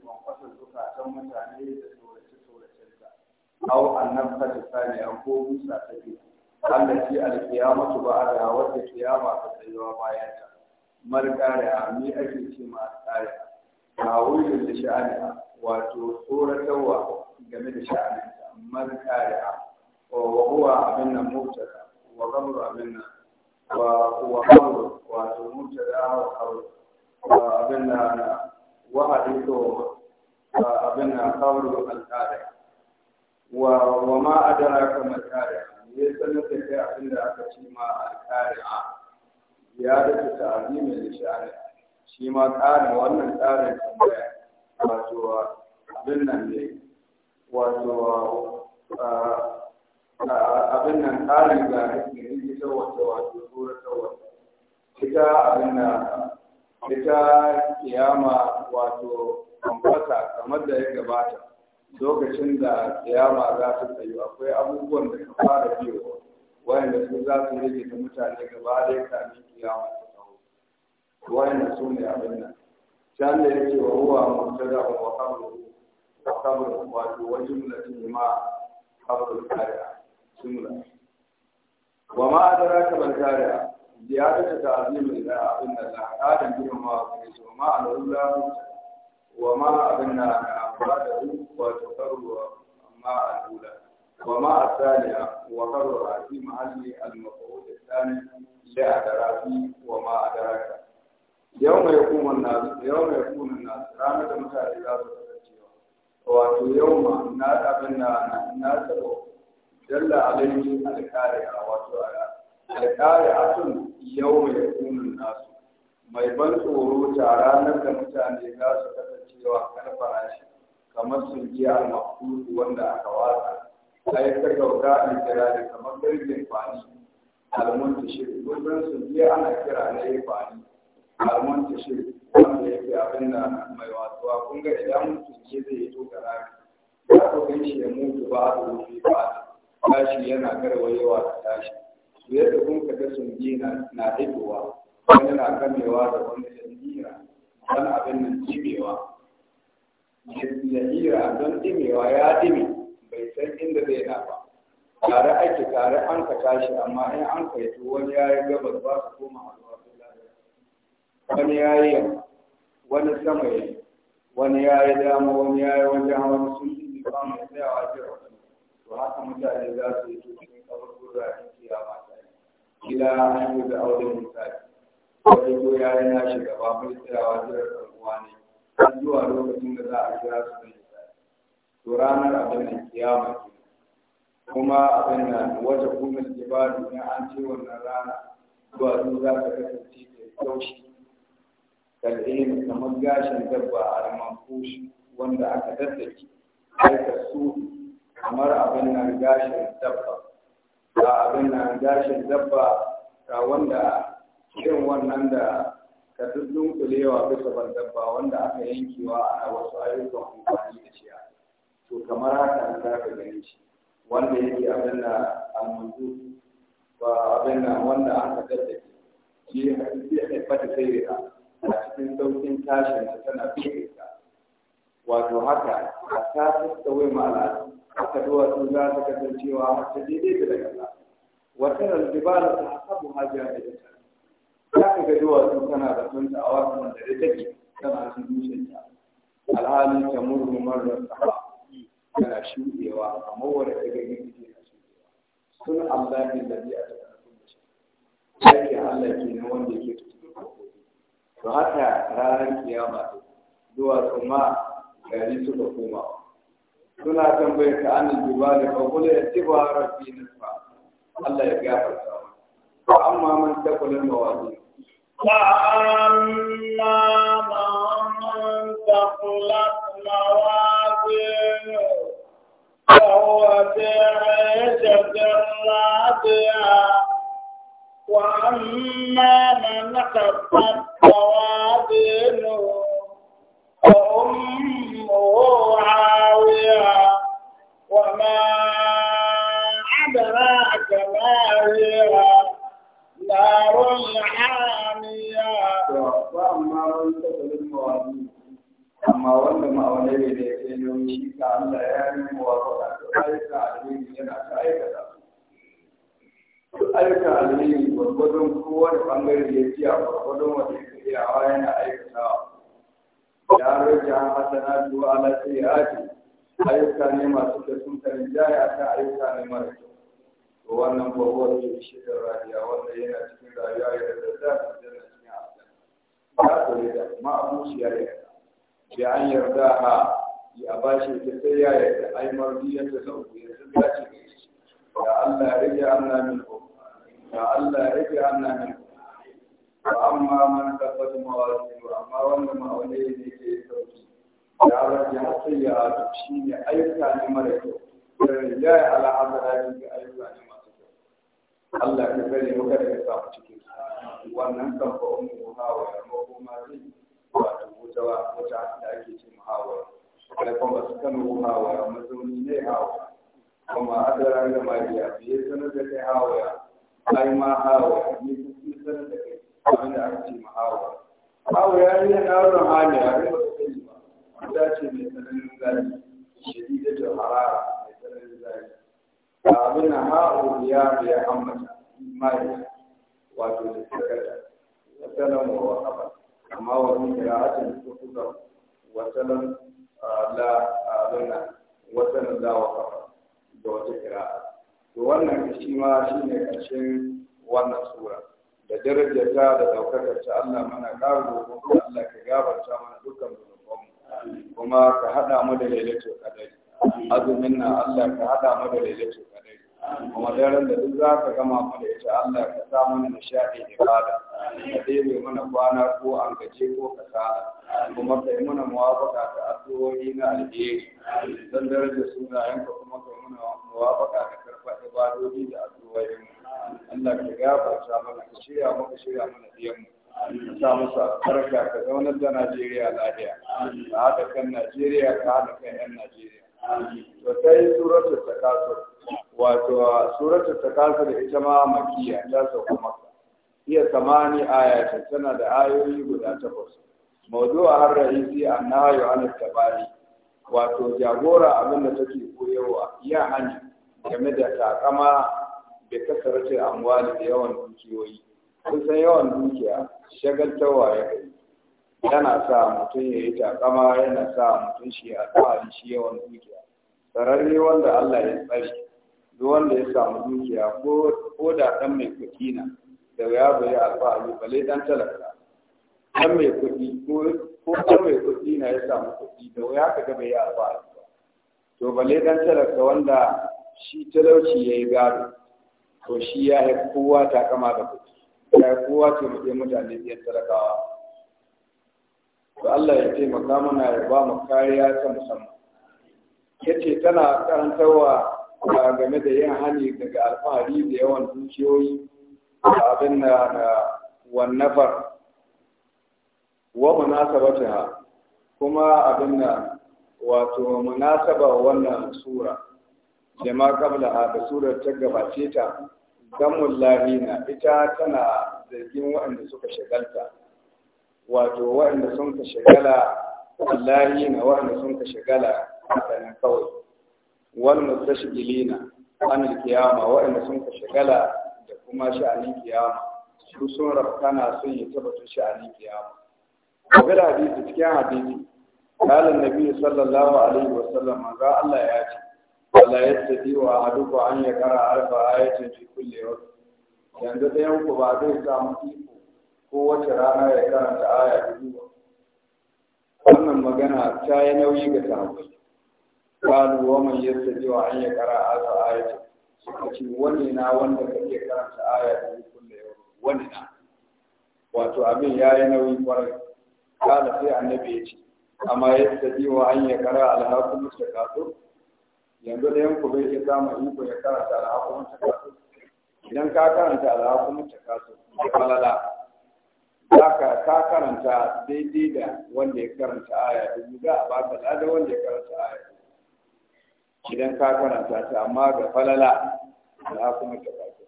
ta zukatan mutane da tsorace-tsoracenka au annabta da saniya ko musa ta biyu Allah ce alkiyama su ba a da wata kiyama ta tsayuwa bayan ta mar kariya ni ake ce ma kariya a wurin da sha'aniya wato tsoratarwa game da sha'aninta mar kariya wa huwa abin nan mutaka wa gamru abin nan wa gamru wato mutaka wa gamru abin nan wa hadithu abin na kawo al'ada wa ma adara ka makariya ya sanar da kai abin da aka ci ma alkariya ya da ta ta'azi mai lishani shi ma tsarin wannan tsarin tambaya wato abin nan ne wato abin nan tsarin ga hakikin ita wata wato tura ta wata ita abin nan ita kiyama wato ambata kamar da ya gabata lokacin da kiyama za ta tsayu akwai abubuwan da ka fara biyowa wayanda su za su rage da mutane gaba da ya kami kiyama ta tsawo wayanda su ne abin nan can da yake wa huwa mubtada wa qabru wa qabru wato wa ne ma qabru qari'a jumla wa ma adraka bal ta ta ta'zim da abin da za Allah ta mawa girma wa kuma ma a al mutu wa ma abin na amfara da hu wato karuwa amma al'ula wa ma a saniya wa karuwa fi mahalli al-mafaud al-thani la adarafi ma adaraka yau yau mai hukumar nasu ranar mutane za su kasancewa wato yau ma na abin na na sabo dalla alaihi alkariya wato alkariya sun yau mai hukumar nasu mai ban tsoro ta ranar da mutane za su kasancewa karfara shi kamar sun ji al-mafudu wanda aka watsa ai ta gauta a kira da kamar birgin fani almun shi gurbin sun ji ana kira na yi fani almun shi wanda fi abin da mai wasuwa kun ga idan mutum ce zai yi to gara ya ko kai shi ya mutu ba a rufe ba tashi yana garwayewa da tashi yadda kun kaga sun ji na haihuwa wani na kamewa da wani jami'a don abin nan cimewa jami'a don cimewa ya dime bai san inda zai na ba tare ake tare an ka tashi amma in an kai to wani ya yi gabas ba su koma haɗuwa su wani ya yi wani sama ya wani ya yi dama wani ya yi wajen wani sun yi ba mai tsayawa jira to haka mutane za su yi to cikin kabar gurra a cikin kiyama ta yi an yi da auren misali wani ko ya yi nashi gaba mai tsayawa jirar ɗan'uwa ne har zuwa lokacin da za a kira su da to ranar abin da kiyama ke kuma abin da wata kumar jibalu na an ce wannan rana zuwa su za ta kasance da taushi kal'in kamar gashin dabba a ramanfushi wanda aka daddake aika su kamar abin nan gashin dabba A abin nan gashin dabba ga wanda irin wannan da ka kulewa bisa ban dabba wanda aka yankewa a wasu ayyukan amfani da shi to kamar haka an za gani shi wanda yake abin da almanzu ba abin da wanda aka daddake shi zai haifar da sai da a cikin saukin tashin da tana fiye da wato haka a ta wai ma'ana aka sun za su kasancewa ta daidai da daga wata rarribar ta hasabu hajjiyar da ta za ka ga duwatsu tana da sun da awa kuma da dai take tana sun zuciyarta al'adun ta murmu marar sama tana shuɗewa amma wanda ta gani take na shuɗewa sun Allah da biya ta karfin da shi yake Allah ke na wanda yake tutu to haka ranar kiyama duwatsu ma gari suka koma suna tambayar ka anil jibali fa qul yatiba rabbi nasfa Allah ya gafarta وأما من ثقل الموازين وأما من ثقلت موازينه فهو في عيشة راضية وأما من خفت موازينه فأمه عاوية وما أدراك ما هي والعامية وأما من تقل الموازين amma wanda ma'aunai ne da ya ke nauyi shi ka Allah ya yi muwafaka duk ayyuka alheri yana ta aikata duk ayyuka gwargwadon kowane bangare ya ciya gwargwadon wanda ya iyawa yana aikatawa ya rage an hasana duwa ala ce ya ayyuka ne masu da sun karin ta ayyuka ne mara kyau wannan ba huwa fi shirin radiya wanda yana cikin rayuwa ya da da da da cikin aljanna ba ko ne da ma abuciya ya yi bi an yarda ha ya bashi da sai ya da ai mardiyan da sauki ya san da shi ya Allah rike anna min ku ya Allah rike anna min ku amma man tabbata mawazinu amma wanda ma'aune ne ke sauki ya rabbi hasayya shi ne ayyuka ne mara kyau ya yi al'adara ne ga ayyuka ne Allah ka gani muka da ya samu cikin wannan kan fa ummu hawa ma mu ma zai wato wuta wata da ake ce muhawaya kada kuma su kan muhawaya mazauni ne hawa kuma adara ga mariya biye sanar da kai hawa ai ma hawa ni su sanar da kai abinda aka ce hawa. hawaya ya na wurin hali a rin wata kai ba Ku ce mai tsananin zafi shi da harara mai tsananin zafi abin ha'u ya ya hamata mai wato da sakata wasalan wa haɓa amma wani kira'atin ko kuka wasalan la abin nan wasalan za wa haɓa da wata kira'a to wannan shi ma shi ne ƙarshen wannan sura da darajar ta da ɗaukakar ta Allah mana ƙara roƙon Allah ka gabarta mana dukkan zunubanmu kuma ka haɗa mu da lailatul qadari azumin nan Allah ka haɗa mu da lailatul kadai kuma daren da duk za ka gama mu da ita Allah ka sa mana nishaɗi da ibada ka ɗebe mana kwana ko an gaje ko sa kuma ka yi mana muwafaka ta addu'o'i na alheri dan darajar sunayenka kuma ka yi mana muwafaka ta karɓar ibadodi da addu'o'i Allah ka gafarta mana ka shirya maka shirya mana biyan mu sa musu albarka ka zaunar da Najeriya lafiya ka haɗa kan Najeriya ka haɗa kan 'yan Najeriya to sai suratul takasur wato suratul takasur ita ma makiya ta sauka maka iya samani aya tana da ayoyi guda takwas mawdu'a har ra'isi annahu an tabari wato jagora abin da take koyarwa ya hani game da takama da kasarce amwali da yawan dukiyoyi kusan yawan dukiya shagaltawa ya kai yana sa mutum ya yi takama yana sa mutum shi ya alfahari shi yawan dukiya sararre wanda Allah ya tsari duk wanda ya samu dukiya ko da ɗan mai kuɗi na da ya bai alfahari bale dan talaka ɗan mai kuɗi ko ɗan mai kuɗi na ya samu kuɗi da ya kaga bai alfahari ba to bale dan talaka wanda shi talauci ya yi gado to shi ya yi kowa takama da kuɗi ya yi kowa ce mutane biyan talakawa to Allah ya taimaka mana ya ba mu kariya ta musamman yace tana karantarwa game da yin hani daga alfahari da yawan dukiyoyi a abin na wannafar wa munasabatiha kuma abin na wato munasaba wannan sura ma kabla da surar ta gabace ta gamul na ita tana zargin waɗanda suka shagalta wato waɗanda sun ka shagala wallahi na waɗanda sun ka shagala na kawai wal mustashghilina an al-qiyama waɗanda sun ka shagala da kuma sha'anin kiyama su sun rafkana sun yi tabbatun sha'anin kiyama wa da hadisi cikin hadisi na Sallallahu alaihi قال النبي صلى الله عليه وسلم قال الله ياتي ولا يستطيع أحدكم أن يقرأ أربع آيات في كل يوم yanzu ɗayan ku ba zai samu iko kowace rana ya karanta aya dubu wannan magana ta yi nauyi ga sahabbai yadda wa an yi wa a ta aya ayati suka ce wani na wanda ka ke karanta aya dubu kullu yau wani na wato abin ya yi nauyi kwarai kala sai annabi ya ce amma yadda wa an alhaku musta takasur yanzu da yanku bai ke samun iko ya karanta musta takasur idan ka karanta musta takasur ya falala haka ka karanta daidai da wanda ya karanta aya dubu za a baka lada wanda ya karanta aya idan ka karanta ta amma ga falala alhakumar ta kasu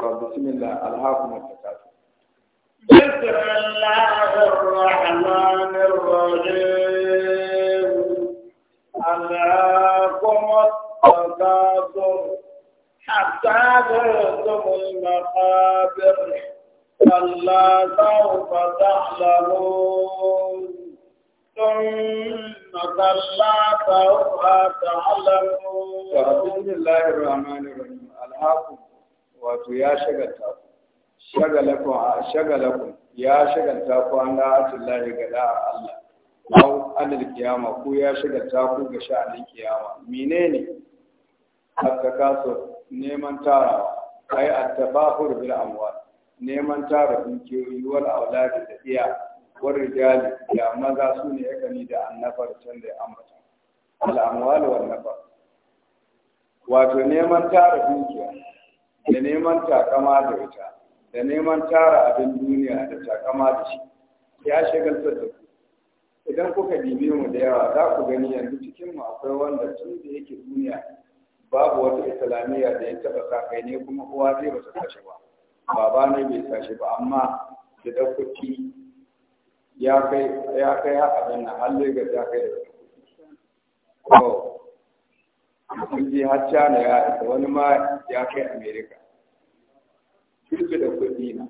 ba bismillah alhakumar ta kasu بسم الله الرحمن الرحيم ألهاكم التكاثر حتى زرتم المقابر كلا سوف تعلمون ثم كلا سوف تعلمون بسم الله الرحمن الرحيم ألهاكم wato ya shagalta shagalakun shagalakun ku an da'atin lahi ga da'a Allah au anil kiyama ko ya shagalta ku ga sha'anin kiyama menene hatta kaso neman tarawa ai at bil amwal neman tara dukiyoyi wal auladi da iya wal rijali ya maza su ne ya gani da annabar can da ya ambata al amwal wal nafar wato neman tara dukiya da neman takama da ita da neman tara abin duniya da takama da shi ya shagaltar da ku idan kuka dibe mu da yawa za ku gani yanzu cikin mu akwai wanda tun da yake duniya babu wata islamiyya da ya taba sa kai ne kuma uwa zai ba ta kashe ba baba ne bai tashi ba amma da ɗaukaki ya kai ya kai abin na halle ga ta kai da ko kun ji har cana ya isa wani ma ya kai america duk da kuɗi na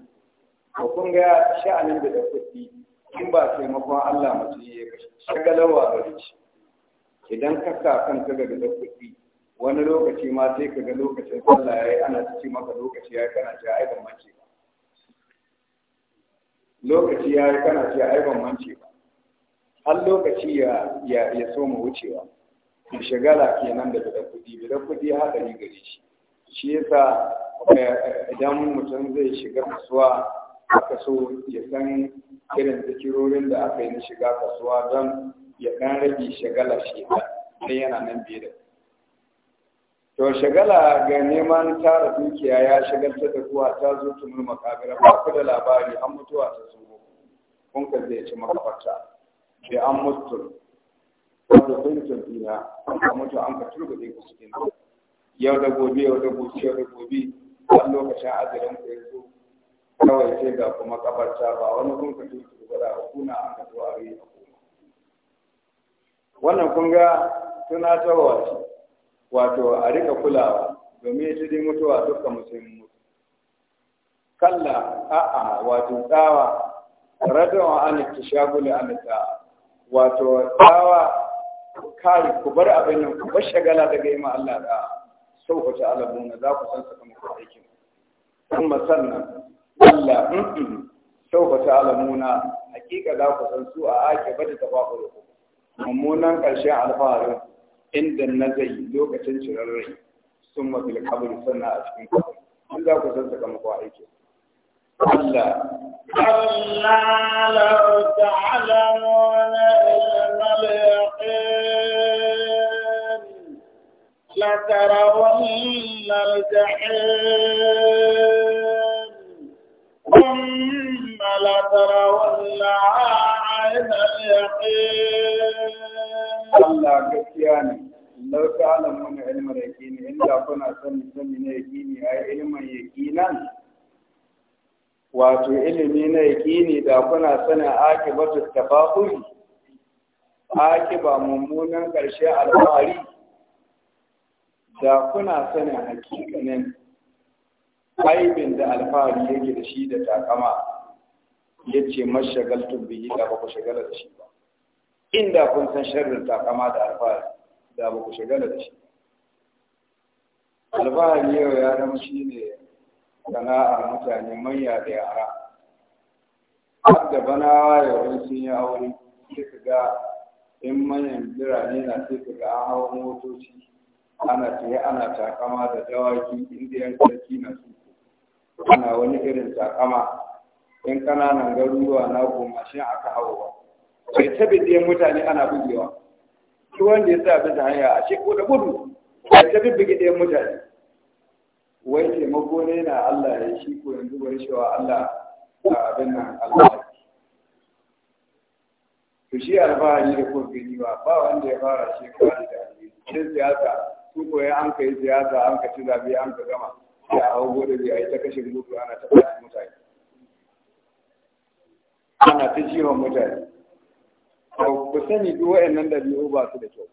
ko kun ga sha'anin da kuɗi in ba taimakon Allah mutum ya kashe shagalawa gare shi idan ka sa kanka daga da kuɗi wani lokaci ma sai ka ga lokacin sallah yayi ana ci maka lokaci yayi kana ci ai ban mance ba lokaci yayi kana ci ai ban mance ba har lokaci ya ya so mu wucewa ku shagala kenan da bidan kudi bidan kudi hadari gari shi shi yasa eh, idan mutum zai shiga kasuwa aka so ya san irin zikirorin da aka yi na shiga kasuwa don ya ɗan rage shagala shi ɗan yana nan biye da to shagala ga neman tara dukiya ya shagalta da kuwa ta zo ta tumul makabira ba ku da labari an mutuwa ta zuwa kun ka zai ci makabarta sai an mutu wanda kun ta biya an mutu an ka turba dai cikin yau da gobe yau da gobe yau da gobe a lokacin azurin ku yanzu kawai sai ga kuma kabarta ba wani kun ka gaba da kuna an ka zo a yi a kuma wannan kun ga tunatarwa ce wato a rika kulawa domin ya ji mutuwa dukkan musulmi mutu kalla a'a wato tsawa radawa an tishaguli an ta wato tsawa kare ku bar abin nan ku bar shagala daga yi Allah da sauƙace alabuna za ku san sakamakon aikin kuma sannan Allah sauƙace alamuna hakika za ku san su a ake bada ku. mummunan ƙarshen alfaharin inda na zai lokacin cirar rai sun mafi kabul sannan a cikin kabari an za ku san sakamako a aiki Allah Allah lau ta'lamuna ilmal yaqin la tarawunna al-jahim ثم لا ترون yaqin Allah الله كتياني lau ta alamu na ilmin yaƙini inda kuna sani sani na yaƙini a ilmin yaƙinan wato ilimi na yaƙini da kuna sanin akibatu tafahuri ba mummunan ƙarshe alfahari da kuna sanin hakikanin aibin da alfahari yake da shi da takama ya ce mashagaltun biyi da ba ku shagala da shi ba inda kun san shirin takama da alfahari da ba ku shagala da shi alfahari yau ya zama shi ne sana'ar mutane manya da yara har da banawa yawon sun yi aure sai ka ga in manyan birane na sai ka ga hawa motoci ana tsaye ana takama da dawaki yan sarki na su ana wani irin takama in ƙananan garuruwa na goma shi aka hawa ba sai ta mutane ana bugewa shi wanda ya sa bisa hanya a ce kuɗa gudu ya ta bibbige ɗayan mutane wai taimako ne na Allah ya shi ko yanzu wani shawa Allah a abin nan Allah to shi alfahari da ko gani ba ba wanda ya fara shi an da alheri sai siyasa su ko ya an kai siyasa an ka ci zabi an ka gama sai a hau gudu zai yi ta kashe gudu ana ta kashe mutane ana ta jiwa mutane ku sani duk wayannan dabi'u ba su da kyau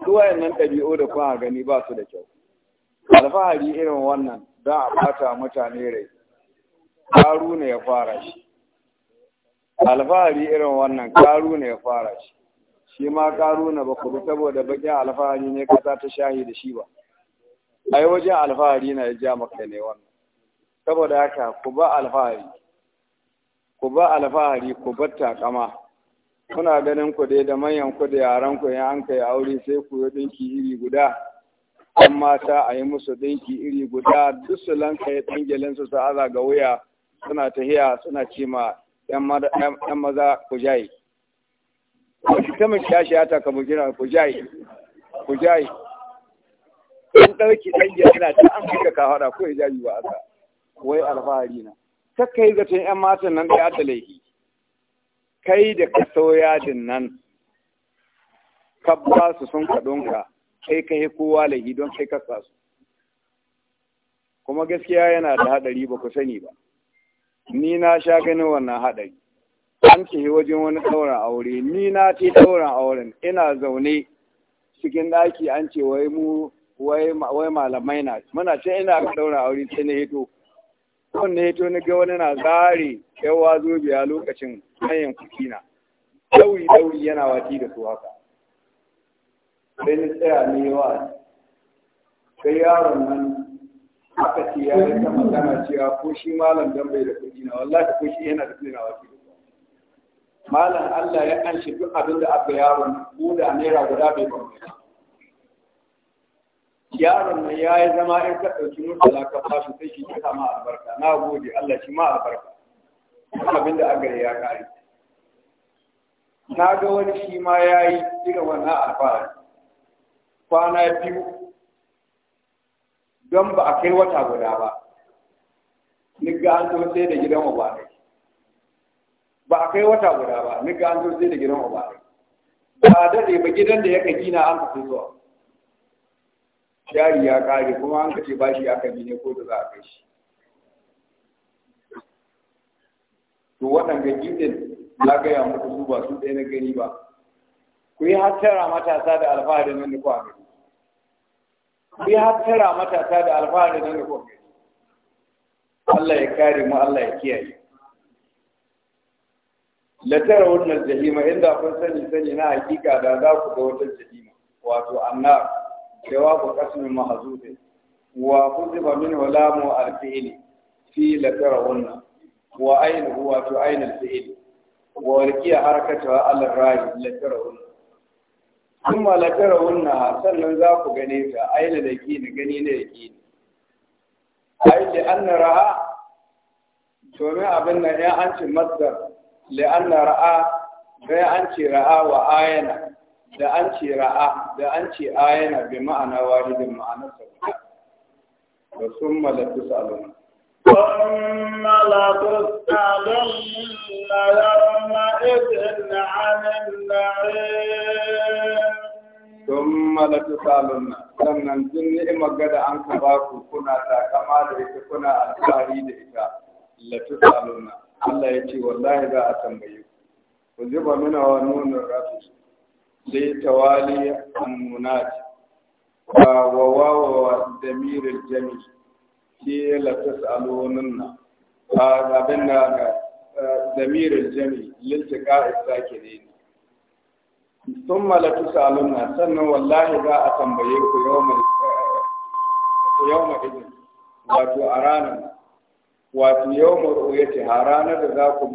duk wayannan dabi'u da kuma gani ba su da kyau alfahari irin wannan za a bata mutane rai Karu ne ya fara shi alfahari irin wannan Karu ne ya fara shi shi ma karuna ba kudu saboda bakin alfahari ne kasa ta shahi da shi ba ai wajen alfahari na ya ja maka ne wannan saboda haka ku ba alfahari ku ba alfahari ku bar takama kuna ganin ku dai da manyan ku da yaran ku in an kai aure sai ku yi dinki iri guda an mata a yi musu dinki iri guda duk su lanka ya dangelin su sa'aza ga wuya suna tahiya suna ce ma yan maza ku jayi ta mun kyashi ya taka mu gina ku jayi ku jayi an ɗauki dangi yana ta an fika ka hada ko ya jayi ba aka wai alfahari na kakkai zaton yan matan nan da ya ta laifi kai da ka yadin nan ka ba su sun kaɗonka kai ka yi kowa lahi don kai kasa su kuma gaskiya yana da haɗari ba ku sani ba ni na sha ganin wannan haɗari an ce wajen wani ɗaurin aure ni na ce ɗaurin auren ina zaune cikin ɗaki an ce wai mu wai malamai na muna ce ina ɗaurin aure sai na hito kowanne ya to ga wani na zare yawa a lokacin hanyar kukina dauri dauri yana wati da su haka sai ni tsaya ne wa sai yaron nan aka ce ya yi ta magana cewa ko shi malam don bai da kuɗi na wallahi ko shi yana da kuɗi na wati malam Allah ya an shi duk abin da aka yaron ko da naira guda bai bambanta yaron nan ya yi zama in ka ɗauki murtala ka fashi sai shi ta ma albarka na gode Allah shi ma albarka abin da agare ya kare na ga wani shi ma ya yi cika wannan alfahari kwana biyu don ba a kai wata guda ba ni ga an zo sai da gidan ubanai ba a kai wata guda ba ni ga an zo sai da gidan ubanai ba a daɗe ba gidan da yaka gina an fi zuwa jari ya kare kuma an kace bashi aka bi ne ko da za a kai shi to waɗanda gidin ga ya muku su ba su ɗaya na gani ba ku yi hattara matasa da alfahari nan da kuwa gani ku yi hattara matasa da alfahari nan da kuwa Allah ya kare mu Allah ya kiyaye la tara wannan jahima inda kun sani sani na hakika da za ku ga wata jahima wato annabi jawabu qasmi mahzuf wa kuziba min lamu al-fi'l fi la tarawunna wa ayn huwa tu ayn al-fi'l wa alqiya harakatuha al-ra'i la tarawunna kuma la tarawunna sannan za ku gane ta aina da ki ni gani ne yake ai domin abin nan ya an ce an wa da an ce ra'a da an ce ayana bi ma'ana wahidin ma'anar sa guda da sun malatu salon ثم لتسألن يومئذ عن النعيم ثم لتسألن sannan duk ni'imar gada an ka ba ku kuna takama da ita kuna alfahari da ita latusaluna Allah ya ce wallahi za a tambaye ku ku zuba mina wa nunin rasu لتوالي النونات وواو ضمير الجميع هي لتسألونن abin da damirin jami liltika istakiri ne sun malatu saluna sannan wallahi za a tambaye ku yau ma idin wato yau ma ruwa ce da za ku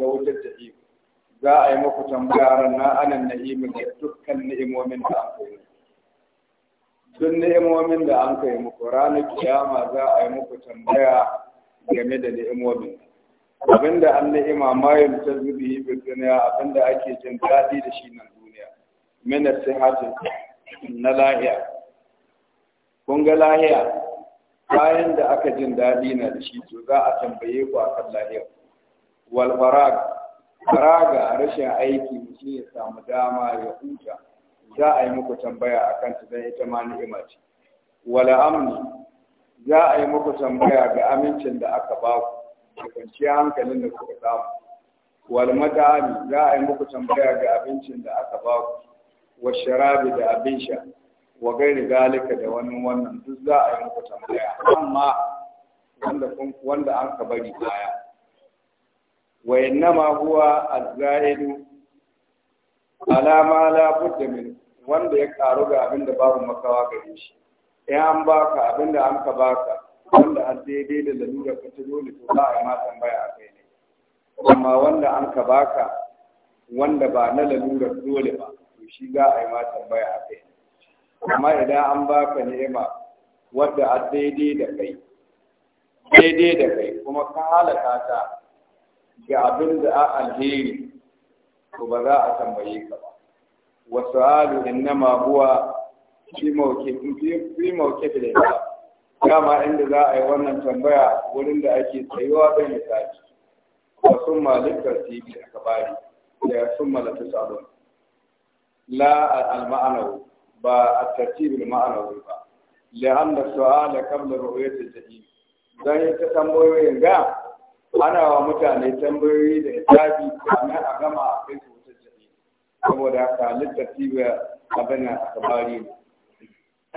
za a yi muku tambaya na anan na'imu da dukkan ni'imomin da an kai Tun ni'imomin da an kai muku ranar kiyama za a yi muku tambaya game da ni'imomin abinda an ni'ima ma yin ta zubi bi duniya abinda ake jin daɗi da shi nan duniya mina Haji na lahiya kun ga lahiya bayan da aka jin daɗi na da shi to za a tambaye ku a kan lahiya wal ga rashin aiki shi ya samu dama ya huta za a yi muku tambaya a kanta don ita ma ni'ima ce wala amni za a yi muku tambaya ga amincin da aka ba ku da kwanciyar hankalin da kuka samu wal mata'ami za a yi muku tambaya ga abincin da aka ba ku wa sharabi da abin sha wa gairi galika da wani wannan duk za a yi muku tambaya amma wanda an ka bari baya وإنما هو huwa على ما لا بد منه wanda ya karu ga abin da babu makawa gare shi in an baka abin da an ka baka wanda an daidai da lalura ka ta dole to ba a yi matan baya a kai ne amma wanda an ka baka wanda ba na lalura dole ba to shi za a yi matan baya a kai ne amma idan an baka ni'ima wadda a daidai da kai daidai da kai kuma ka halaka ta ga abin da a alheri to ba za a tambaye ka ba wasu inna ma huwa fi mauke da ya dama inda za a yi wannan tambaya wurin da ake tsayuwa da ya wa sun malikar tibi da kabari da sun malata salon la al-ma'anawi ba a tartibin ma'anawi ba la'an da su'ala kabla ru'ayatul jahim dan ta tambayoyin ga ana wa mutane tambayoyi da hijabi kamin a gama a kai su wutar jami'i saboda haka littafi ga abin kabari ne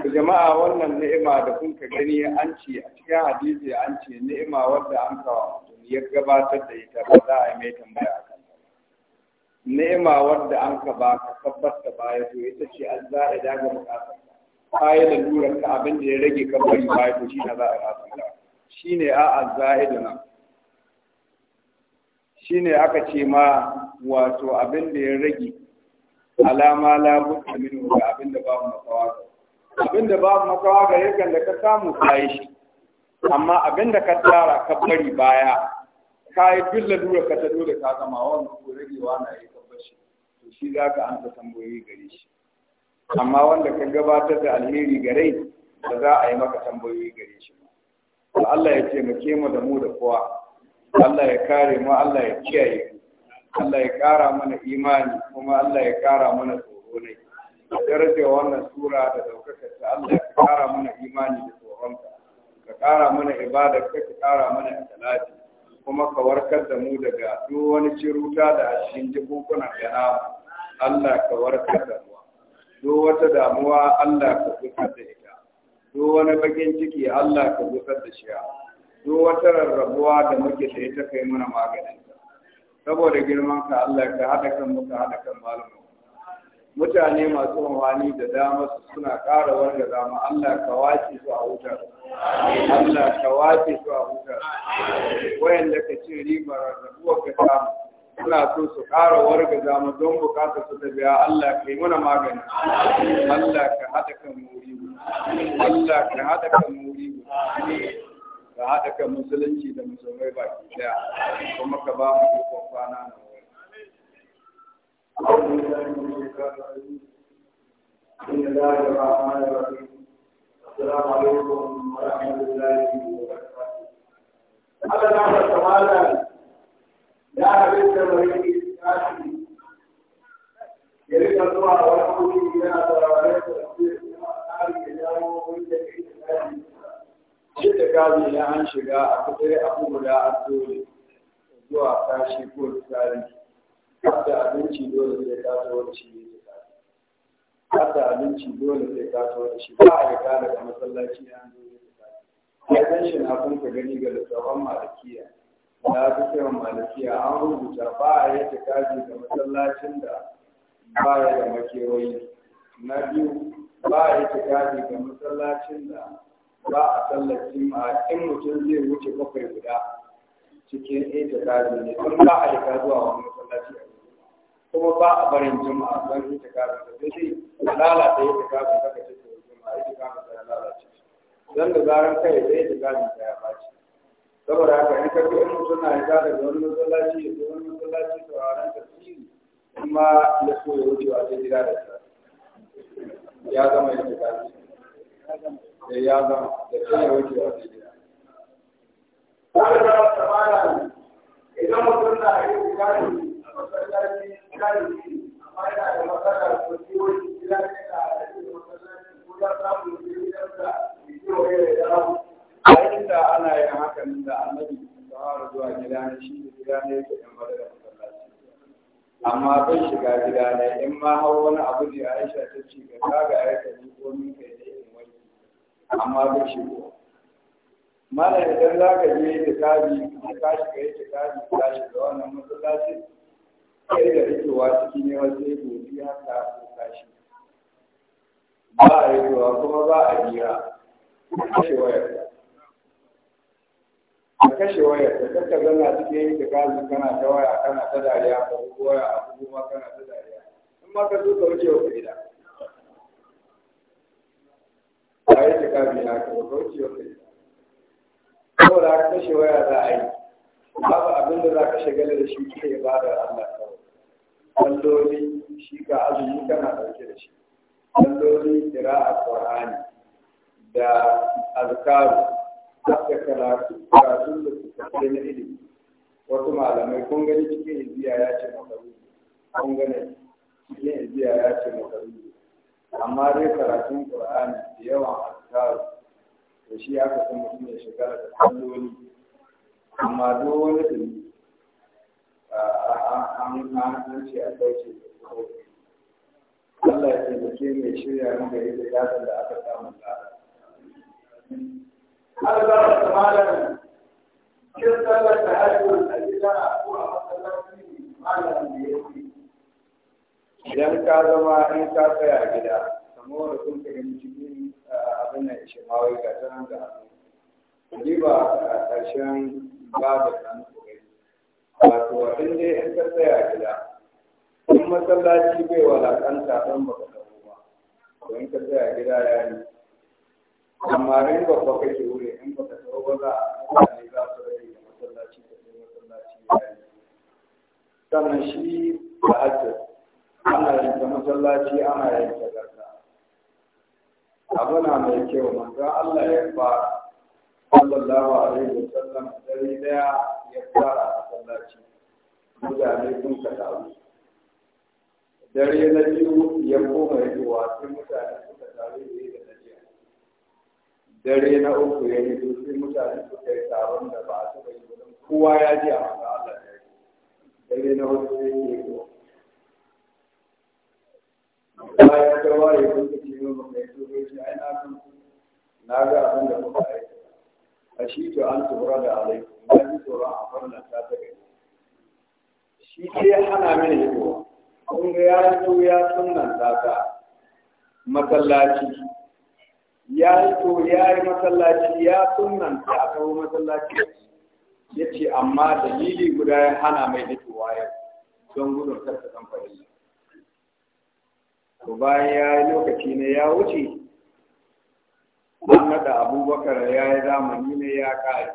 to jama'a wannan ni'ima da kun ka gani an ce a cikin hadisi an ce ni'ima wadda an ka mutum ya gabatar da ita ba za a yi mai tambaya a ta ni'ima wadda an ka ba ka tabbata baya to ita ce an za a daga bukatar kayan lalurar ka abin da ya rage kabari baya to shi na za a yi shi ne a'a nan. shi ne aka ce ma wato abin da ya rage alama la min ga abin da babu makawa abin da babu makawa ga yakan da ka samu kayi shi amma abin da ka tara ka bari baya ka yi duk lalura ka ta da ka wani ko ragewa na yi tabbashi to shi za ka an ta tambayoyi gare shi amma wanda ka gabatar da alheri ga rai ba za a yi maka tambayoyi gare shi ba Allah ya ce mu da mu da kowa Allah ya kare mu Allah ya kiyaye mu Allah ya kara mana imani kuma Allah ya kara mana tsoro ne darajar wannan sura da daukaka ta Allah ya kara mana imani da tsoronka ka kara mana ibada ka ka kara mana salati kuma ka warkar da mu daga duk wani ciruta da a cikin jikokuna da na Allah ka warkar da mu duk wata damuwa Allah ka gusar da ita duk wani bakin ciki Allah ka gusar da shi duk wata rarrabuwa da muke da ita kai mana maganin saboda girman ka Allah ka hada kan muka haɗa kan malamu mutane masu wani da dama suna ƙara wanda zama Allah ka wace su a wutar Allah ka wace su a wutar wayanda ka ce riba rarrabuwa ka ta suna so su ƙara warga zama don bukata su ta biya Allah ka yi mana magani Allah ka haɗa kan muri Allah ka haɗa kan muri ka haɗa ka musulunci da musulmai baki ɗaya kuma ka ba mu ikon kwana na wani. Assalamu alaikum wa rahmatullahi wa barakatuh. Allah na fasa malam, ya haɗe ta mai yi kashi, ya rika zuwa wani kuri ya zara wa yadda ya zama kari da jawo wani da ke da kashi. inda gadi na an shiga a kuɗe abu guda a dole zuwa tashi ko tsari hadda abinci dole sai ka zo da shi ne hadda abinci dole sai ka zo da shi ba a yi kada da masallaci an zo da ya san shi na kun ka gani ga littafan malakiya na fi kiran malakiya an rubuta ba a yi tikaji ga masallacin da ba ya da makewayi na biyu ba a yi tikaji ga masallacin da ba a sallar a in mutum zai wuce bakwai guda cikin da tsari ne don ba a riga zuwa wani masallaci a kuma ba a barin juma'a don yi kazi da sai dai lalata ita kazi daga cikin juma'a ita kazi ya lalace don da zaran kai da ita kazi ta ya baci saboda haka in ka in mutum na riga daga wani masallaci ya zo wani masallaci to a ran kuma ya so ya wuce wa ta gida da ta ya zama ita kazi da ya zama da kai ya wuce wa sai gida idan mutum na yi gani a masallaci gani amma yana da matsala da ciwon gida ne da masallaci ko ya samu gidansa ciwo ya da ramu a da ana yin hakan da annabi sahara zuwa gida ne shi ne gida ne yake yan da masallaci amma bai shiga gida ne in ma hau wani abu ne aisha ta ce ga kaga ya kani ko min kai amma bai ba. mana idan za ka je da kaji ka kashi ka yi da kaji da kashi da wannan masallacin kai da rikewa ciki ne wasu ya gobi haka ko kashi ba a rikewa kuma ba a jira kashe wayar Ka kashe wayar da kakka zana cikin da kaji kana ta waya kana ta dariya ka waya abubuwa kana ta dariya in ma ka zo ka wuce wa gida ba ya ta kami na ka ba kauce wa kai saboda ka kashe waya za a yi babu abin da za ka shagala da shi ke da Allah kawai kalloli shi ka azumi kana ɗauke da shi kalloli kira a Qur'ani da azkaru da karatu karatu da kusurce na ilimi wasu malamai kun gani cikin izziya ya ce makaru kun gani cikin izziya ya ce makaru amma dai karatun qur'ani da yawan azkar to shi aka san mutum ya shiga da kalloli amma duk wani dumi an a ce a sauke Allah ya taimake mai shirya mu da yadda ya da aka samu tsara. Allah da kamala kin sallar da hajji a gida ko a masallaci malam da yake idan ka zama in ka tsaya gida kamar wanda kun ka gani cikin abin da ishe mawai ga ta nan da hannu ba a ƙarshen babu nan wato abin dai in ka tsaya gida in masallaci bai walakanta don ka tafi ba to in ka tsaya gida ya yi amma in ba ka kake wuri in ba ka tafi ba za a mutane za su rage da masallaci da masallaci ya yi sannan shi ba hajjar ana yanke masallaci ana yanke ƙasa abu na mai kyau manzo Allah ya fara sallallahu alaihi wa sallam dare daya ya fara masallaci mutane sun ka taru dare na biyu ya koma ya zuwa sai mutane suka taru da da najiya dare na uku ya yi sai mutane suka yi taron da ba su bai kowa ya ji a manzo Allah ya yi dare na uku ya yi bayan ta waye kun ka ce yau baka yi turai shi ai na kan na ga abin da kuka yi. a shi to an tura da alaikum na ji tsoron a farnan ta ta gani shi ke hana mini hitowa kun ga ya hito ya sunan ta masallaci ya hito ya yi masallaci ya sunan ta a kawo masallaci ya ce amma dalili guda ya hana mai hitowa yau don gudun tattakan fahimta to bayan ya yi lokaci ne ya wuce an naɗa abubakar ya yi zamani ne ya kare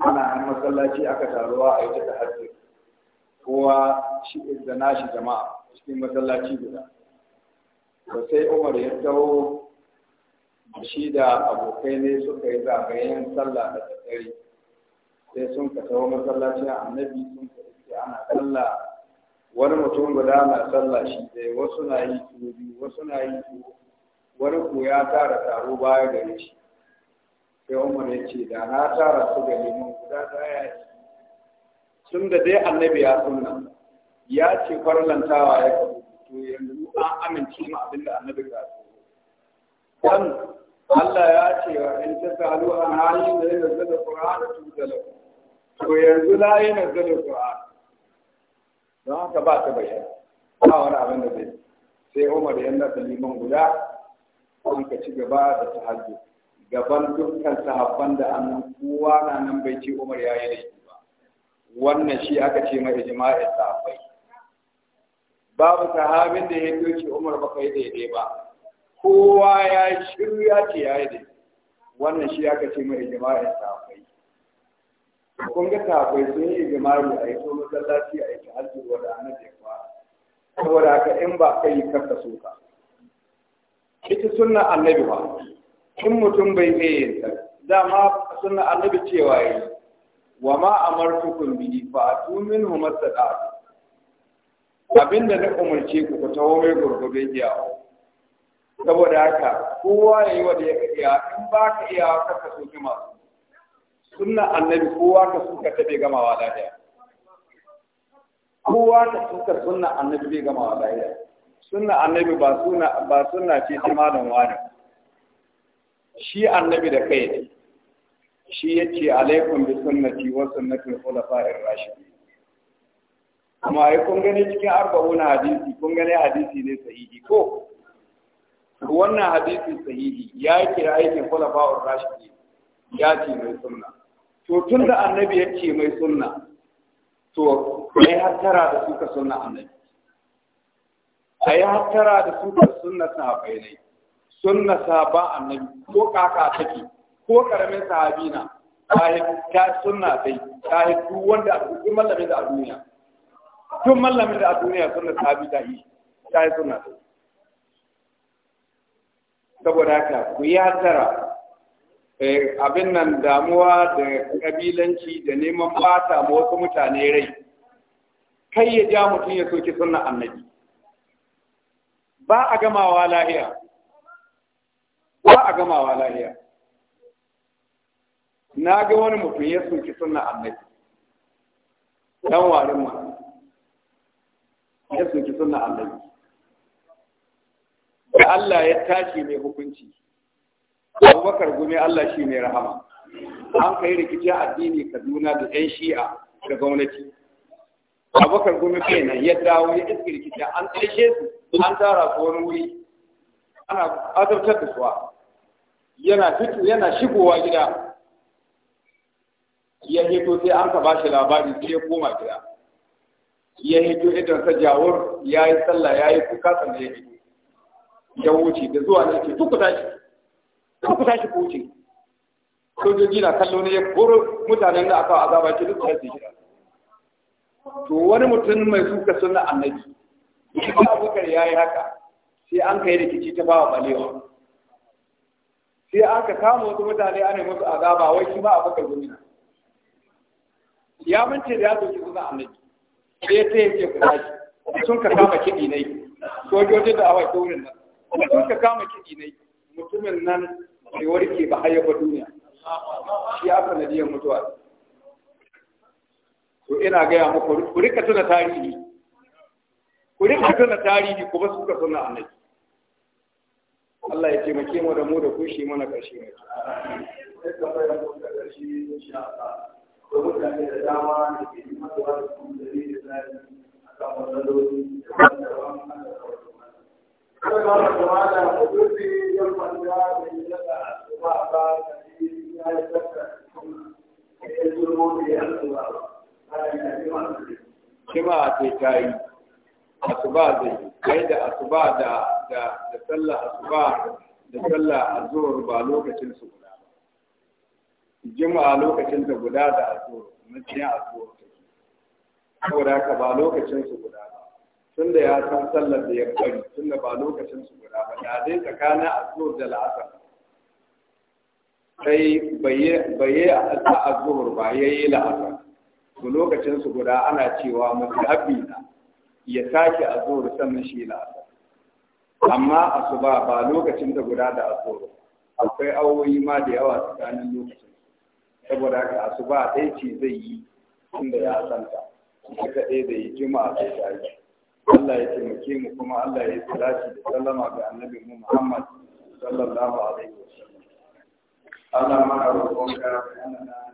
ana an masallaci aka taruwa a yi da hajji kowa shi da nashi jama'a cikin masallaci guda to sai umar ya taho da shi da abokai ne suka yi zagayen sallah da daddare sai sun ka taho masallacin annabi sun ka ana sallah wani mutum guda na sallah shi ɗaya wasu na yi su biyu wasu na yi su wani ko ya tara taro baya gare shi sai umar ya ce da na tara su da neman guda ɗaya ya tun da dai annabi ya sunna ya ce farlantawa ya kafu to yanzu an amince ma abin da annabi ya so dan Allah ya ce wa in ta salu an halin da ya da qur'ana tu to yanzu na ya nazzala qur'ana don haka ba ta bashi ba wani abin da zai sai umar ya nasa liman guda an ka ci gaba da tahajjud gaban dukkan sahabban da annan kowa na nan bai ce umar ya yi laifi ba wannan shi aka ce mai ijma'in sahabbai babu sahabin da ya doke umar ba kai daidai ba kowa ya shiru ya ce ya yi daidai wannan shi aka ce mai ijma'in sahabbai kun ga kafai sun yi jimari a yi to masallaci a yi ta hajji da ana ya fara saboda haka in ba ka yi karka so ka ita sunna annabi ba in mutum bai iya yin ta dama sunna annabi cewa yi wa ma amartukum bihi fa atu minhu masadaqat abinda na umarce ku ku tawo mai gurgurbe giyawa saboda haka kowa ya yi wa da ya iya in ba ka iya ka so ki masu sunna annabi kowa ta suka ta bai gamawa lafiya kowa ta suka sunna annabi bai gamawa lafiya sunna annabi ba sunna ba sunna ce ta malam wani shi annabi da kai ne shi yace alaikum bi sunnati wa sunnati khulafa'ir rashidin amma ai kun gane cikin arba'un hadisi kun gane hadisi ne sahihi ko wannan hadisi sahihi ya kira aikin khulafa'ur rashidin ya ce mai sunna to tun da annabi ya ce mai sunna to yi hattara da suka sunna annabi yi hattara da suka sunna sahabai ne sunna sahaba annabi ko kaka take ko karamin sahabi na ta sunna dai ta duk wanda tun mallamin da a duniya Tun mallamin da a duniya sunna sahabi ta yi ta sunna dai saboda haka ku yi hattara Eh, abin nan damuwa da kabilanci da neman bata ma wasu mutane rai kai ya ja mutum ya soke sunna annabi ba a gamawa lahiya ba a gamawa lahiya na ga wani mutum ya soke sunna annabi dan warin ma ya soke sunna annabi da Allah ya tashi mai hukunci abubakar gumi allah shi ne rahama an kai rikicin addini kaduna da ɗan shi'a da gwamnati abubakar gumi kenan ya dawo ya iska rikicin an tsaye su an tara su wani wuri ana azabtar da suwa yana fito yana shigowa gida ya hito sai an ka ba shi labari sai ya koma gida ya hito idan sa jawur ya yi sallah ya yi kuka sannan ya hito ya wuce da zuwa ne ke tukuta shi ko ku tashi ku wuce sojoji na kallo ne ya koro mutanen da aka azaba ce duk da su to wani mutum mai suka sunna annabi shi ba abubakar ya yi haka sai an kai rikici ta bawa balewa sai aka kama wasu mutane ana musu azaba wai shi ba abubakar gumi. ya mance da ya soki suna annabi sai ya taya ce kuma shi sun ka kama kiɗi ne sojojin da awa ke wurin nan sun ka kama kiɗi ne mutumin nan bai warke ba har ba duniya shi aka na sanadiyar mutuwa to ina gaya muku ku rika tuna tarihi ku rika tuna tarihi ku ba su ka suna annabi Allah ya taimake mu da mu da ku shi mana ƙarshe ne Thank you. كما قال قدسي يوم ce ta yi, asuba zai yi, kai da asuba da sallah asuba da sallah ba lokacin su guda ba. Juma'a lokacin da guda da azur, maciya azur ta ke. Saboda haka ba lokacin su guda tun da ya san sallar da ya bari tun da ba lokacin su guda ba da dai tsakanin azhur da la'asar sai baye a azhur ba ya yi la'asar su lokacin su guda ana cewa mustahabi na ya sake azhur sannan shi la'asar amma asuba ba lokacin da guda da azhur akwai awoyi ma da yawa tsakanin lokacin saboda haka asuba ɗaya ce zai yi tun da ya santa ita ɗaya da yi juma'a sai shari'a Allah ya taimake mu kuma Allah ya salati da sallama ga annabi mu Muhammad sallallahu alaihi wasallam Allah ma roƙonka